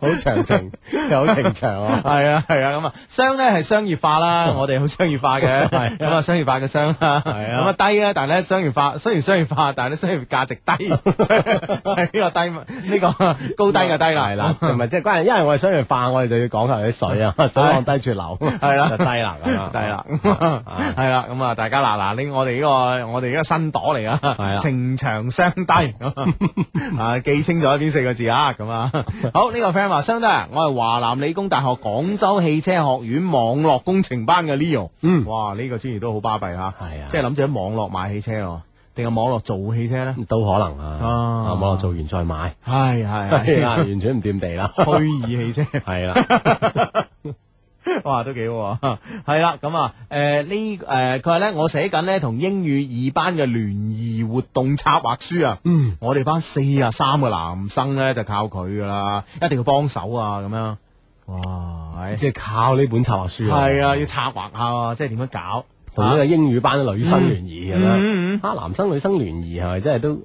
好長情又好情長啊，係啊係啊咁啊，商咧係商業化啦，我哋好商業化嘅，係咁啊商業化嘅商啦，係啊，咁啊低啊，但係咧商業化雖然商業化，但係咧商業價值低，呢個低呢個。高低就低啦，係啦，同埋即係關，因為我哋想佢化，我哋就要講下啲水啊，水往低處流，係啦，就低啦，低啦，係啦，咁啊，大家嗱嗱，呢我哋呢個我哋而家新朵嚟啊，情長相低啊，記清楚邊四個字啊，咁啊，好呢個 friend 話相低，我係華南理工大學廣州汽車學院網絡工程班嘅 Leo，哇，呢個專業都好巴閉吓，係啊，即係諗住喺網絡買汽車哦。定係網絡做汽車咧，都可能啊！啊網絡做完再買，係係係，完全唔掂地啦，虛擬汽車係啦，哇， 都幾好啊！係啦，咁啊，誒，呢誒，佢話咧，我寫緊咧同英語二班嘅聯誼活動策劃書啊，嗯，我哋班四啊三個男生咧就靠佢噶啦，一定要幫手啊，咁樣，哇，係，即係靠呢本策劃書啊，係啊，要策劃下，即係點樣搞。同呢個英語班嘅女生聯誼咁樣啊，男生女生聯誼係咪真係都？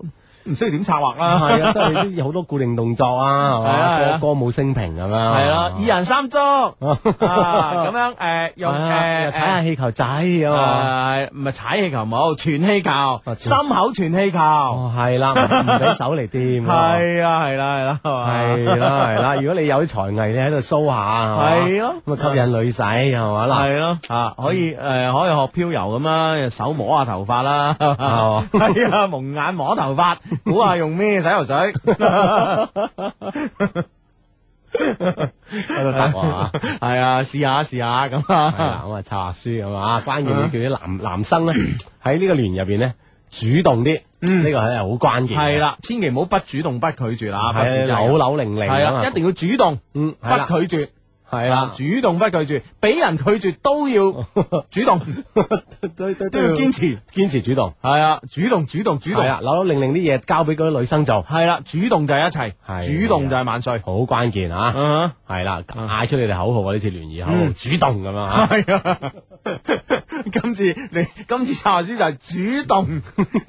唔需要點策劃啦，係啊，都係有好多固定動作啊，係嘛，歌舞升平咁啊，係啦，二人三足啊，咁樣誒用誒踩下氣球仔啊，唔係踩氣球冇，傳氣球，心口傳氣球，係啦，唔使手嚟掂，係啊，係啦，係啦，係啦，係啦，係啦，如果你有啲才藝，你喺度 show 下，係咯，咁啊吸引女仔，係嘛啦，係咯，啊可以誒可以學飄柔咁啦，手摸下頭髮啦，係係啊蒙眼摸頭髮。估下 用咩洗頭水？喺度答話係啊，試下試下咁啊。嗱， 我話查下書係嘛，關鍵要叫啲男男生咧喺呢個聯入邊咧主動啲。嗯，呢個係好關鍵。係啦，千祈唔好不主動不拒絕啦，啊。係扭扭擰擰係啊，流流零零啊，一定要主動。嗯，了不拒絕。係啦，主動不拒絕，俾人拒絕都要主動，都要堅持，堅持主動，係啊，主動，主動，主動，扭扭令令啲嘢交俾嗰啲女生做，係啦，主動就係一切，主動就係萬歲，好關鍵啊，係啦，嗌出你哋口號啊，呢次聯誼口號，主動咁啊，係啊，今次你今次策劃書就係主動，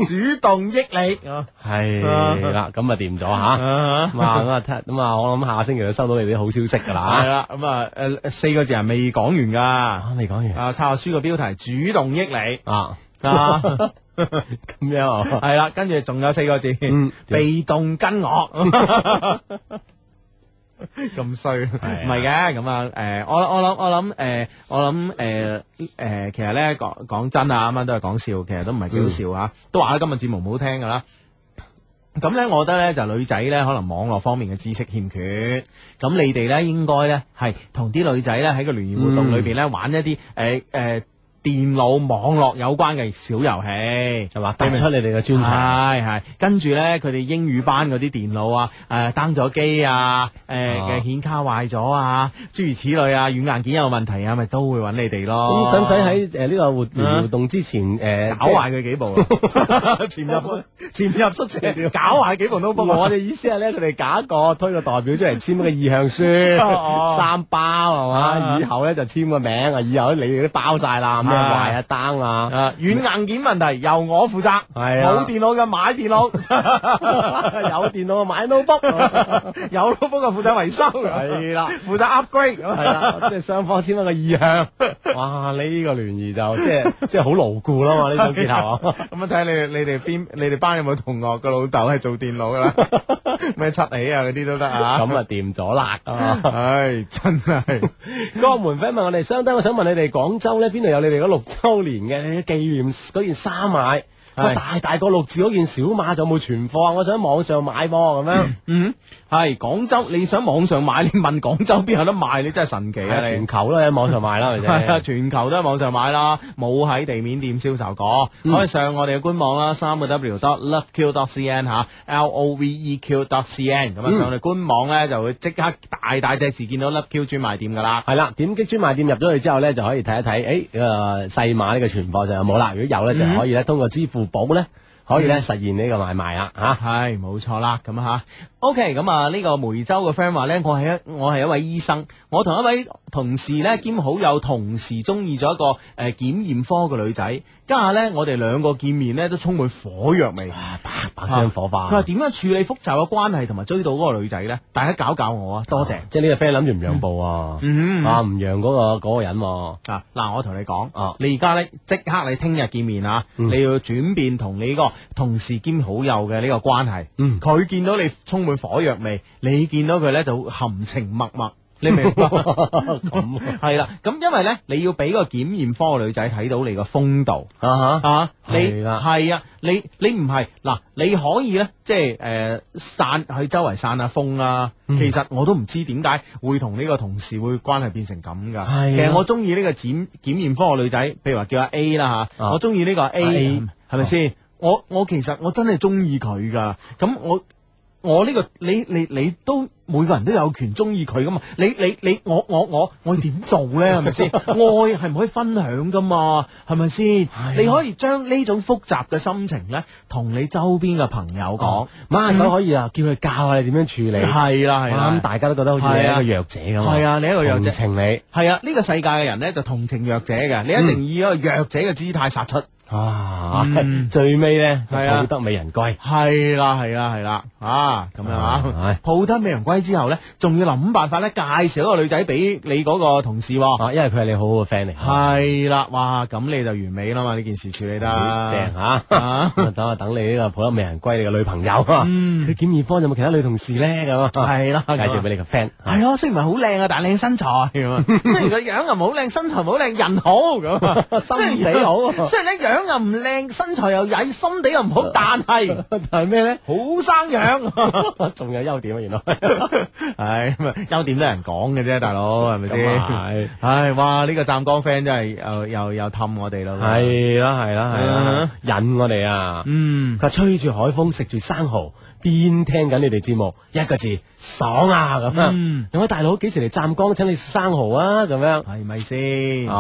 主動益你，係啦，咁啊掂咗吓，咁啊，咁啊，我諗下星期就收到你啲好消息噶啦，係啦，咁啊。誒誒、啊啊，四個字完啊，未講完噶，未講完啊。抄下書個標題，主動益你啊啊，咁樣係啦。跟住仲有四個字，嗯、被動跟我咁衰，唔係嘅咁啊。誒、啊，我我諗我諗誒，我諗誒誒，其實咧講講真啊，啱啱都係講笑，其實，嗯、都唔係幾好笑吓，都話啦今日節目唔好聽噶啦。咁呢，我覺得呢就女仔呢，可能網絡方面嘅知識欠缺。咁你哋呢，應該呢係同啲女仔呢喺個聯誼活動裏邊呢玩一啲誒誒，呃呃電腦網絡有關嘅小遊戲，係嘛？突出你哋嘅專題。係係，跟住咧佢哋英語班嗰啲電腦啊，誒、呃，登咗機啊，誒嘅顯卡壞咗啊，諸如此類啊，軟硬件有問題啊，咪都會揾你哋咯。使唔使喺誒呢個活活動之前誒、嗯呃、搞壞佢幾部？潛 入潛 入宿舍屌，搞壞幾部都得。我哋意思係咧，佢哋搞一個推個代表出嚟簽個意向書， 三包係嘛？以後咧 就簽個名啊，以後你哋都包晒啦。 壞一單啊！軟硬件問題由我負責。係啊，冇電腦嘅買電腦，有電腦嘅買 notebook，有 notebook 嘅負責維修。係啦，負責 upgrade。係啦，即係雙方簽一個意向。哇，你呢個聯誼就即係即係好牢固啦嘛！呢種結合，咁啊睇下你你哋邊你哋班有冇同學嘅老豆係做電腦噶啦？咩七起啊嗰啲都得啊！咁啊掂咗啦，唉真係。嗰個門飛問我哋，相當我想問你哋廣州咧邊度有你哋？咗六周年嘅紀念嗰件衫買，是大大個六字嗰件小碼仲有冇存貨？我想喺網上買噃，咁樣嗯。嗎係廣州，你想網上買，你問廣州邊有得賣，你真係神奇啊！全球都喺網上買啦，係啊！全球都喺網上買啦，冇喺地面店銷售過。嗯、可以上我哋嘅官網啦，三個 w dot loveq dot cn 嚇，l o v e q dot c n。咁啊，上我哋官網咧，嗯、就會即刻大大隻字見到 loveq 專賣店噶啦。係啦、啊，點擊專賣店入咗去之後咧，就可以睇一睇。誒、欸，個細碼呢個存貨就有冇啦，如果有咧，嗯、就可以咧通過支付寶咧。可以咧，實現呢個買賣啦，吓係冇錯啦，咁啊吓，OK，咁啊呢個梅州嘅 friend 話呢，我係一我係一位醫生，我同一位同事咧兼好友，同時中意咗一個誒檢驗科嘅女仔，家下呢，我哋兩個見面呢，都充滿火藥味，白白生火花。佢話點樣處理複雜嘅關係同埋追到嗰個女仔呢？大家搞搞我啊，多謝。即係呢個 friend 諗住唔讓步啊，啊唔讓嗰個嗰個人啊嗱，我同你講，你而家呢，即刻你聽日見面啊，你要轉變同你呢個。同事兼好友嘅呢個關係，嗯，佢見到你充滿火藥味，你見到佢咧就含情脈脈，你明白係啦。咁因為咧，你要俾個檢驗科嘅女仔睇到你個風度，啊吓，係啊，係啊，你你唔係嗱，你可以咧，即係誒，散去周圍散下風啊。其實我都唔知點解會同呢個同事會關係變成咁噶。其實我中意呢個檢檢驗科嘅女仔，譬如話叫阿 A 啦吓，我中意呢個 A，係咪先？我我其實我真係中意佢噶，咁我我呢、這個你你你都每個人都有權中意佢噶嘛？你你你我我我我點做咧？係咪先？愛係唔可以分享噶嘛？係咪先？啊、你可以將呢種複雜嘅心情咧，同你周邊嘅朋友講，揾下手可以啊，叫佢教下你點樣處理。係啦係啦，咁、啊啊、大家都覺得好似你一個弱者咁。係啊，你一個弱者。同情你。係啊，呢、這個世界嘅人咧就同情弱者嘅，你一定要以一個弱者嘅姿態殺出。嗯啊，最尾咧抱得美人歸，係啦係啦係啦，啊咁樣啊，抱得美人歸之後咧，仲要諗辦法咧，介紹一個女仔俾你嗰個同事，因為佢係你好嘅 friend 嚟。係啦，哇，咁你就完美啦嘛，呢件事處理得正吓，等我等你呢個抱得美人歸你嘅女朋友，嗯，佢檢驗科有冇其他女同事咧咁啊，係啦，介紹俾你個 friend，係咯，雖然唔係好靚啊，但係靚身材，雖然佢樣又唔好靚，身材唔好靚，人好咁，雖然你好，雖然你樣。又唔靚，身材又曳，心地又唔好，但係 但係咩咧？好生養，仲 有優點啊！原來，唉、 哎，優點都係人講嘅啫，大佬係咪先？係、嗯，唉、 哎，哇！呢、這個湛江 friend 真係、呃、又又又氹我哋咯，係啦係啦係，引我哋啊，嗯，佢吹住海風，食住生蠔。邊聽緊你哋節目？一個字，爽啊！咁樣，嗯、有位大佬幾時嚟湛江，請你生蠔啊！咁樣，係咪先？係嘛、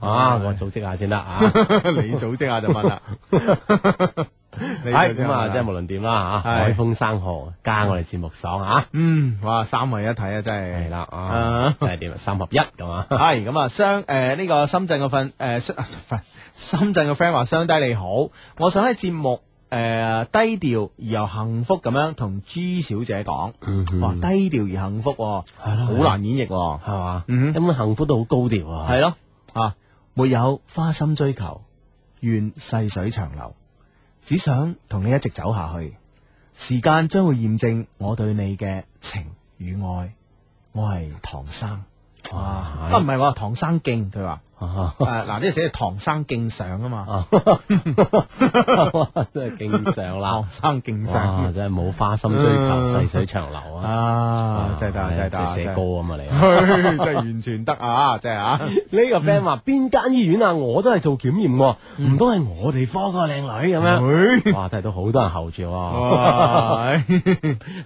哦啊？啊，是我組織下先得啊！ 你組織下就問啦。係咁啊，即係無論點啦啊，是海風生蠔加我哋節目爽啊！嗯，哇，三位一體啊，真係係啦，真係點啊，三合一咁啊！係咁 啊，商誒呢個深圳嗰份誒深圳嘅 friend 話：商低你好，我想喺節目。誒、呃，低調而又幸福咁樣同朱小姐講，嗯、哼哇，低調而幸福、哦，好的難演繹，係嘛？咁咪幸福都好高調啊！係咯，啊，沒有花心追求，願細水長流，只想同你一直走下去。時間將會驗證我對你嘅情與愛。我係唐生，哇啊，唔係的、啊，唐生勁，佢話。嗱，呢寫《唐生敬上》啊嘛，都係敬上啦。唐生敬上，真係冇花心追求，細水長流啊！真係得，真係得，寫稿啊嘛你，真係完全得啊！真係啊，呢個 friend 話邊間醫院啊，我都係做檢驗，唔通係我哋科個靚女咁樣？誒，哇，睇到好多人候住，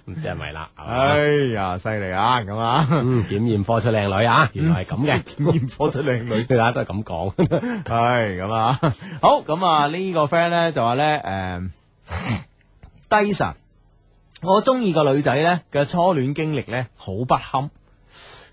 唔知係咪啦？哎呀，犀利啊！咁啊，嗯，檢驗科出靚女啊，原來係咁嘅，檢驗科出靚女。都係咁講，係 咁啊！好咁啊，這個、呢個 friend 咧就話咧，誒、嗯，低神、 啊，我中意個女仔咧嘅初戀經歷咧好不堪，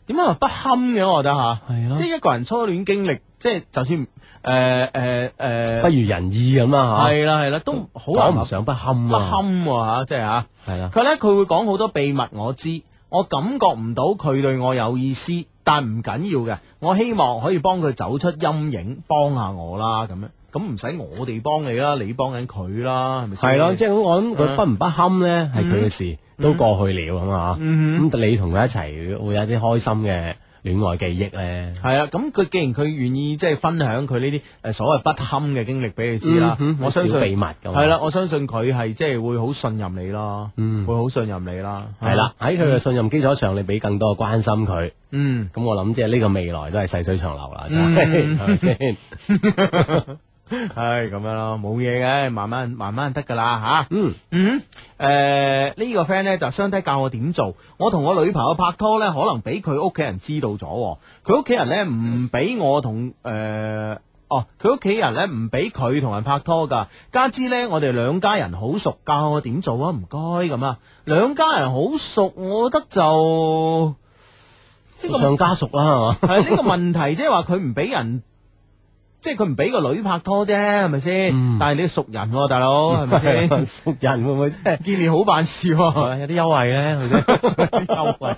點解話不堪嘅？我覺得吓，係咯、啊，即係一個人初戀經歷，即係就算誒誒誒，呃呃呃、不如人意咁啊！吓，係啦係啦，都好難講唔上不堪、啊，不堪吓、啊，即係吓，係啦、啊。佢咧佢會講好多秘密，我知，我感覺唔到佢對我有意思。但唔緊要嘅，我希望可以幫佢走出陰影，幫下我啦咁樣，咁唔使我哋幫你啦，你幫緊佢啦，係咪先？係咯，啊，即係我諗佢，uh, 不唔不堪咧，係佢嘅事，都過去了咁啊，咁，嗯，你同佢一齊會有啲開心嘅。戀愛記憶咧，係啊，咁佢既然佢願意即係分享佢呢啲誒所謂不堪嘅經歷俾你知啦，我相信秘密。咁係啦，我相信佢係即係會好信任你咯，嗯，會好信任你啦，係啦，喺佢嘅信任基礎上，你俾更多嘅關心佢，嗯，咁我諗即係呢個未來都係細水長流啦，係咪先？係咁樣咯，冇嘢嘅，慢慢慢慢得噶啦吓。嗯嗯，誒、呃這個、呢個 friend 咧就相、是、低教我點做。我同我女朋友拍拖咧，可能俾佢屋企人知道咗。佢屋企人咧唔俾我同誒、呃，哦，佢屋企人咧唔俾佢同人拍拖噶。加之咧，我哋兩家人好熟，教我點做啊？唔該咁啊，兩家人好熟，我覺得就，即互相家熟啦係嘛。呢、 這個問題即係話佢唔俾人。即係佢唔俾個女拍拖啫，係咪先？但係你熟人，大佬係咪先？熟人會唔會即係見你好辦事？係咪有啲優惠咧？有啲優惠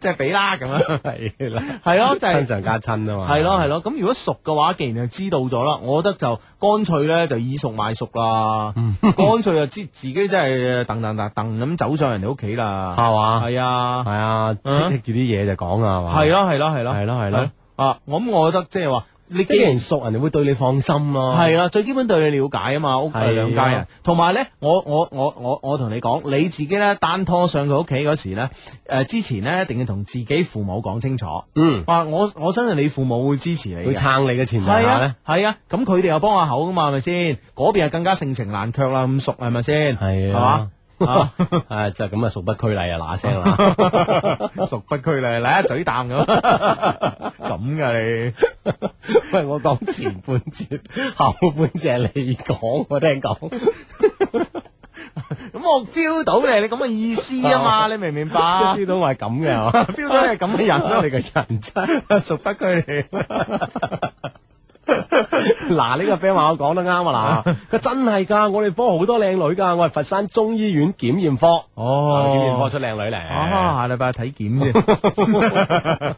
即係俾啦咁樣係啦，係咯，即係親上加親啊嘛。係咯係咯，咁如果熟嘅話，既然就知道咗啦，我覺得就乾脆咧就以熟賣熟啦，乾脆就知自己真係噔噔噔噔咁走上人哋屋企啦，係嘛？係啊，係啊，積蓄住啲嘢就講啊，係嘛？係咯係咯係咯係咯係咯啊！咁我覺得即係話。你既然熟，人哋會對你放心咯、啊。係啊，最基本對你了解啊嘛，屋、OK? 兩家人。同埋咧，我我我我我同你講，你自己咧單拖上佢屋企嗰時咧，誒、呃、之前呢，一定要同自己父母講清楚。嗯。哇、啊！我我相信你父母會支持你，撐你嘅前提下咧，係啊。咁佢哋又幫下口噶嘛，係咪先？嗰邊又更加盛情難卻啦，咁熟係咪先？係啊。係嘛？ 啊，誒、啊，就咁啊，熟不拘禮啊，嗱聲啦，熟不拘禮，嚟一嘴啖咁，咁噶你？喂， 我講前半節，後半節係你講，我聽講。咁 我 feel 到你，你咁嘅意思啊嘛，你明唔明白？即 feel 到我係咁嘅，feel 到你係咁嘅人咯、啊，你嘅人真熟不拘禮。嗱，呢 個 friend 話我講得啱啊嗱，佢 真係噶，我哋科好多靚女噶，我係佛山中醫院檢驗科，哦，檢驗科出靚女嚟，啊，下禮拜體檢啫，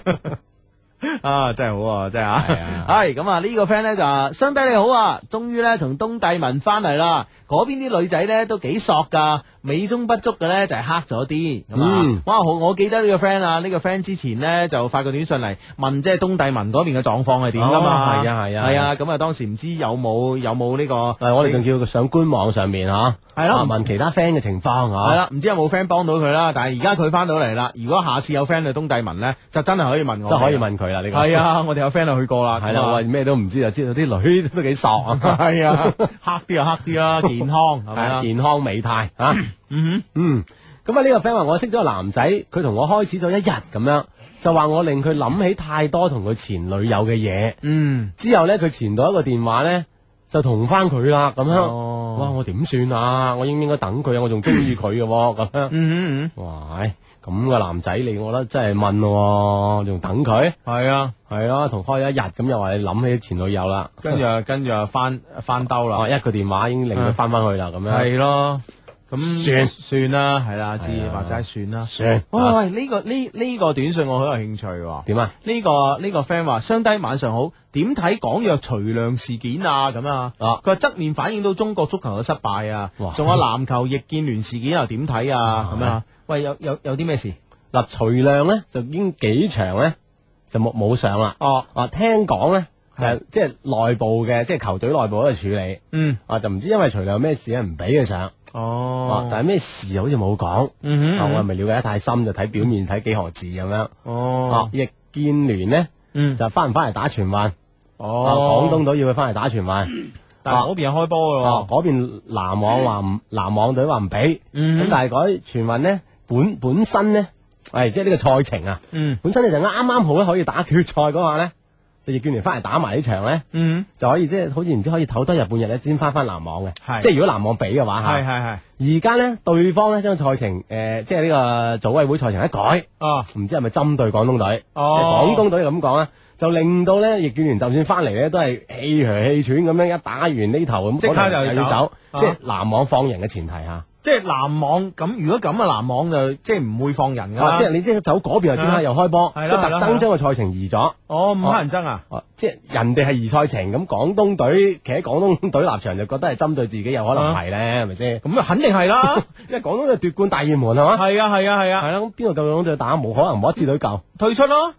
啊，真係好啊，真係 啊，係咁啊，這這個呢個 friend 咧就相弟你好啊，終於咧從東帝汶翻嚟啦，嗰邊啲女仔咧都幾索噶。美中不足嘅咧就係黑咗啲，咁哇！我我記得呢個 friend 啊，呢個 friend 之前呢，就發個短信嚟問，即係東帝汶嗰邊嘅狀況係點噶嘛？係啊係啊，係啊！咁啊，當時唔知有冇有冇呢個，我哋仲叫佢上官網上面吓，係咯，問其他 friend 嘅情況吓，係啦，唔知有冇 friend 幫到佢啦。但係而家佢翻到嚟啦。如果下次有 friend 去東帝汶呢，就真係可以問我，即係可以問佢啦。呢個係啊，我哋有 friend 去過啦，係啦，喂，咩都唔知，就知道啲女都幾傻啊，係啊，黑啲就黑啲啦，健康係咪健康美態啊！嗯嗯，咁啊呢個 friend 話，我識咗個男仔，佢同我開始咗一日咁樣，就話我令佢諗起太多同佢前女友嘅嘢。嗯，之後咧佢前度一個電話咧就同翻佢啦，咁樣，哇我點算啊？我應唔應該等佢啊？我仲中意佢嘅咁樣。嗯嗯嗯，哇，咁個男仔，你我覺得真係問咯，仲等佢？係啊係啊，同開咗一日，咁又話你諗起前女友啦，跟住啊跟住啊翻翻兜啦，一個電話已經令佢翻翻去啦，咁樣係咯。咁算啦，係啦，知，話齋算啦，算。喂，呢、這個呢呢、這個這個短信我好有興趣喎。點啊？呢、這個呢、這個 friend 話雙低晚上好，點睇廣藥徐亮事件啊？咁啊？佢話、啊、側面反映到中國足球嘅失敗啊。仲哇有籃球易建聯事件又點睇啊？咁啊？樣啊喂，有有有啲咩事？嗱、啊，徐亮呢，就已經幾場呢，就冇冇上啦。哦，啊，聽講咧。就即係內部嘅，即係球隊內部嗰度處理。嗯，啊就唔知因為除咗咩事咧，唔俾佢上。哦，但係咩事好似冇講。我係咪了解得太深，就睇表面睇幾何字咁樣。哦，易建聯咧，就翻唔翻嚟打全運？哦，廣東隊要佢翻嚟打全運，但係嗰邊開波嘅喎。嗰邊籃網話唔，籃網隊話唔俾。咁但係嗰啲全運呢，本本身呢，係即係呢個賽程啊。本身呢就啱啱好可以打決賽嗰下呢。易建聯翻嚟打埋呢場咧，嗯，就可以即係、就是、好似唔知可以唞多日半日咧，先翻翻籃網嘅。係即係如果籃網俾嘅話吓，係係係。而家咧，對方咧將賽程誒、呃，即係呢個組委會賽程一改，哦，唔知係咪針對廣東隊？哦，廣東隊咁講啊，就令到咧易建聯就算翻嚟咧，都係氣長氣喘咁樣一打完呢頭咁，即刻又要走，要走哦，即係籃網放人嘅前提下。即係籃網咁，如果咁啊，籃網就即係唔會放人噶，即係你即係走嗰邊又轉開又開波，都特登將個賽程移咗。哦，咁乞人憎啊！即係人哋係移賽程，咁廣東隊企喺廣東隊立場就覺得係針對自己，有可能係咧，係咪先？咁啊，肯定係啦，因為廣東隊奪冠大熱門係嘛。係啊，係啊，係啊。係啦，咁邊個夠廣東隊打？冇可能，冇一支隊救。退出咯。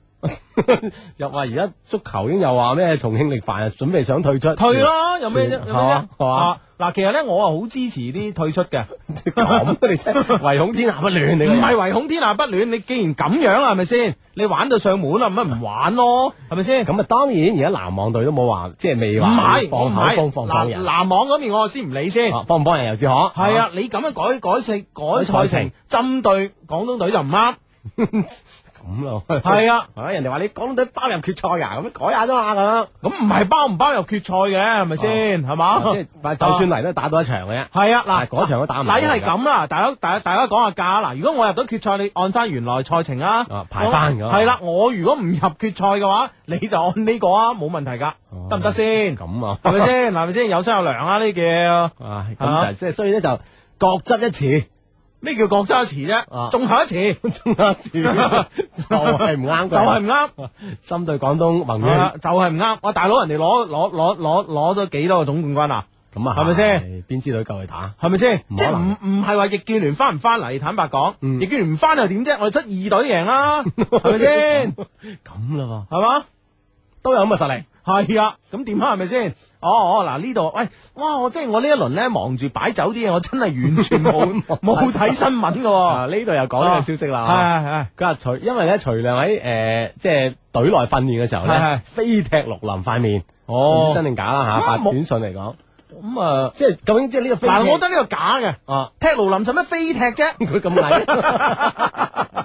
又話而家足球已經又話咩？重慶力帆準備想退出，退咯，有咩啫？係啊！係嘛。嗱，其實咧我啊好支持啲退出嘅，你真唯恐天下不亂嚟。唔係唯恐天下不亂，你既然咁樣啊，係咪先？你玩到上門啊，咪唔玩咯，係咪先？咁啊，當然而家籃網隊都冇話，即係未話放唔放放放人。籃網嗰邊我先唔理先，放唔放人由自可。係啊，你咁樣改改賽改賽程，針對廣東隊就唔啱。咁咯，係啊，人哋話你講得包入決賽啊，咁樣改下啫嘛咁，咁唔係包唔包入決賽嘅，係咪先？係嘛？即係，但係就算嚟都打多一場嘅啫。係啊，嗱，嗰場都打埋。第一係咁啦，大家大大家講下價嗱，如果我入到決賽，你按翻原來賽程啊。排班噶。係啦，我如果唔入決賽嘅話，你就按呢個啊，冇問題噶，得唔得先？咁啊，係咪先？係咪先？有商有量啊，呢叫啊，咁就即係，所以咧就各執一詞。咩叫國渣詞啫？仲，下一次，國渣詞就係唔啱，就係唔啱。針對廣東宏遠，就係唔啱。我大佬人哋攞攞攞攞攞咗幾多個總冠軍啊？咁啊，係咪先？邊支隊夠佢打？係咪先？即係唔唔係話易建聯翻唔翻嚟？坦白講，易建聯唔翻又點啫？我哋出二隊贏啊，係咪先？咁啦，係嘛？都有咁嘅實力。係啊，咁點、哦哦、啊？係咪先？哦哦，嗱呢度，喂，哇！我即係我一呢一輪咧，忙住擺酒啲嘢，我真係完全冇冇睇新聞噶、啊。呢度、 啊、又講呢個消息啦。係係、哦，佢話徐，因為咧，徐亮喺誒、呃、即係隊內訓練嘅時候咧，飛踢盧林塊面，哦，真定假啦吓？發短信嚟講，咁、嗯、啊，即係究竟即係呢個？嗱，我覺得呢個假嘅。哦、啊，踢盧林使乜飛踢啫？佢咁嗌。啊 啊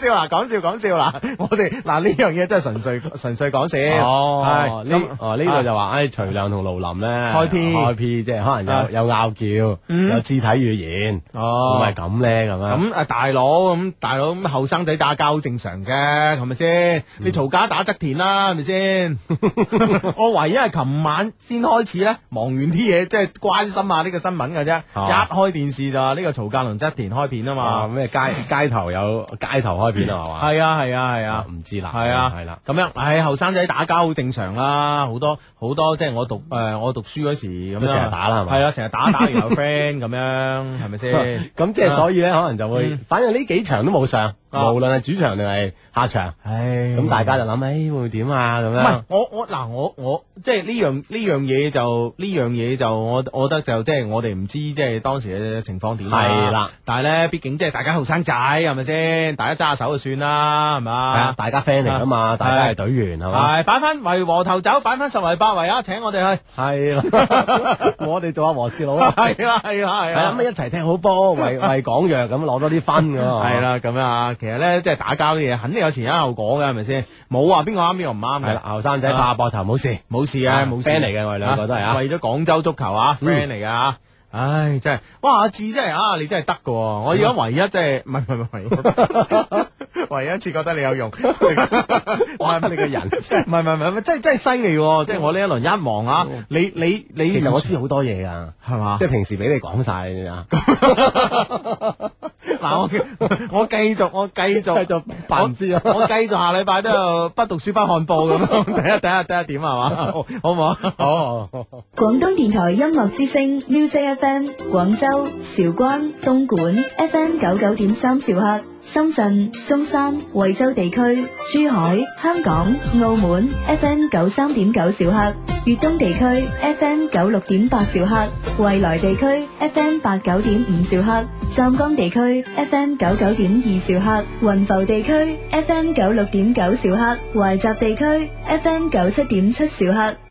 笑嗱，講笑講笑嗱，我哋嗱呢樣嘢真係純粹純粹講笑。哦，咁哦呢度就話，哎徐亮同盧林咧開片，開片即係可能有有拗撬，有肢體語言，哦，咁咧咁樣。咁啊大佬咁大佬咁後生仔打交正常嘅，係咪先？你曹格打側田啦，係咪先？我唯一係琴晚先開始咧，忙完啲嘢，即係關心下呢個新聞㗎啫。一開電視就話呢個曹格同側田開片啊嘛，咩街街頭有街頭開。邊度係嘛？係啊係啊係啊，唔、啊啊、 知啦。係啊係啦，咁、啊啊、 樣唉，後生仔打交好正常啦，好多好多即係我讀誒、呃，我讀書嗰時咁成日打啦係咪？係樣 啊，成日打打完有 friend 咁樣，係咪先？咁即係所以咧，可能就會， 反正呢幾場都冇上。無論係主場定係客場，咁大家就諗起會點啊？咁樣唔係我我嗱我我即係呢樣呢樣嘢就呢樣嘢就我我覺得就即係我哋唔知即係當時嘅情況點係啦，但係咧畢竟即係大家後生仔係咪先？大家揸手就算啦，係嘛？係啊，大家 friend 嚟噶嘛，大家係隊員係嘛？係擺翻圍和頭酒，擺翻十圍八圍啊，請我哋去係啦，我哋做下和事佬，係啊係啊係啊，咁一齊踢好波，為為廣藥咁攞多啲分，係啦咁啊。其實咧，即係打交啲嘢，肯定有前因後果嘅，係咪先？冇話邊個啱邊個唔啱嘅。係啦，後生仔拍膊頭，冇事冇事啊，冇事。friend 嚟嘅，我哋兩個都係啊，為咗廣州足球啊，friend 嚟噶。唉，真係哇，阿志真係啊，你真係得嘅。我而家唯一即係唔係唔係唔係，唯一一次覺得你有用，我係乜你個人？唔係唔係唔係，真係真係犀利。即係我呢一輪一忙啊，你你你，其實我知好多嘢噶，係嘛？即係平時俾你講晒啊。嗱，我我繼續，我繼續做貧啲，我繼續下禮拜都有不讀書不看報咁，睇下睇下睇下點係嘛，好唔好啊？好。廣東電台音樂之聲，music FM，廣州、韶關、東莞 FM 九九點三，兆赫。深圳、中山、惠州地區、珠海、香港、澳門 FM 九三點九兆赫，粵東地區 FM 九六點八兆赫，惠來地區 FM 八九點五兆赫，湛江地區 FM 九九點二兆赫，雲浮地區 FM 九六點九兆赫，懷集地區 FM 九七點七兆赫。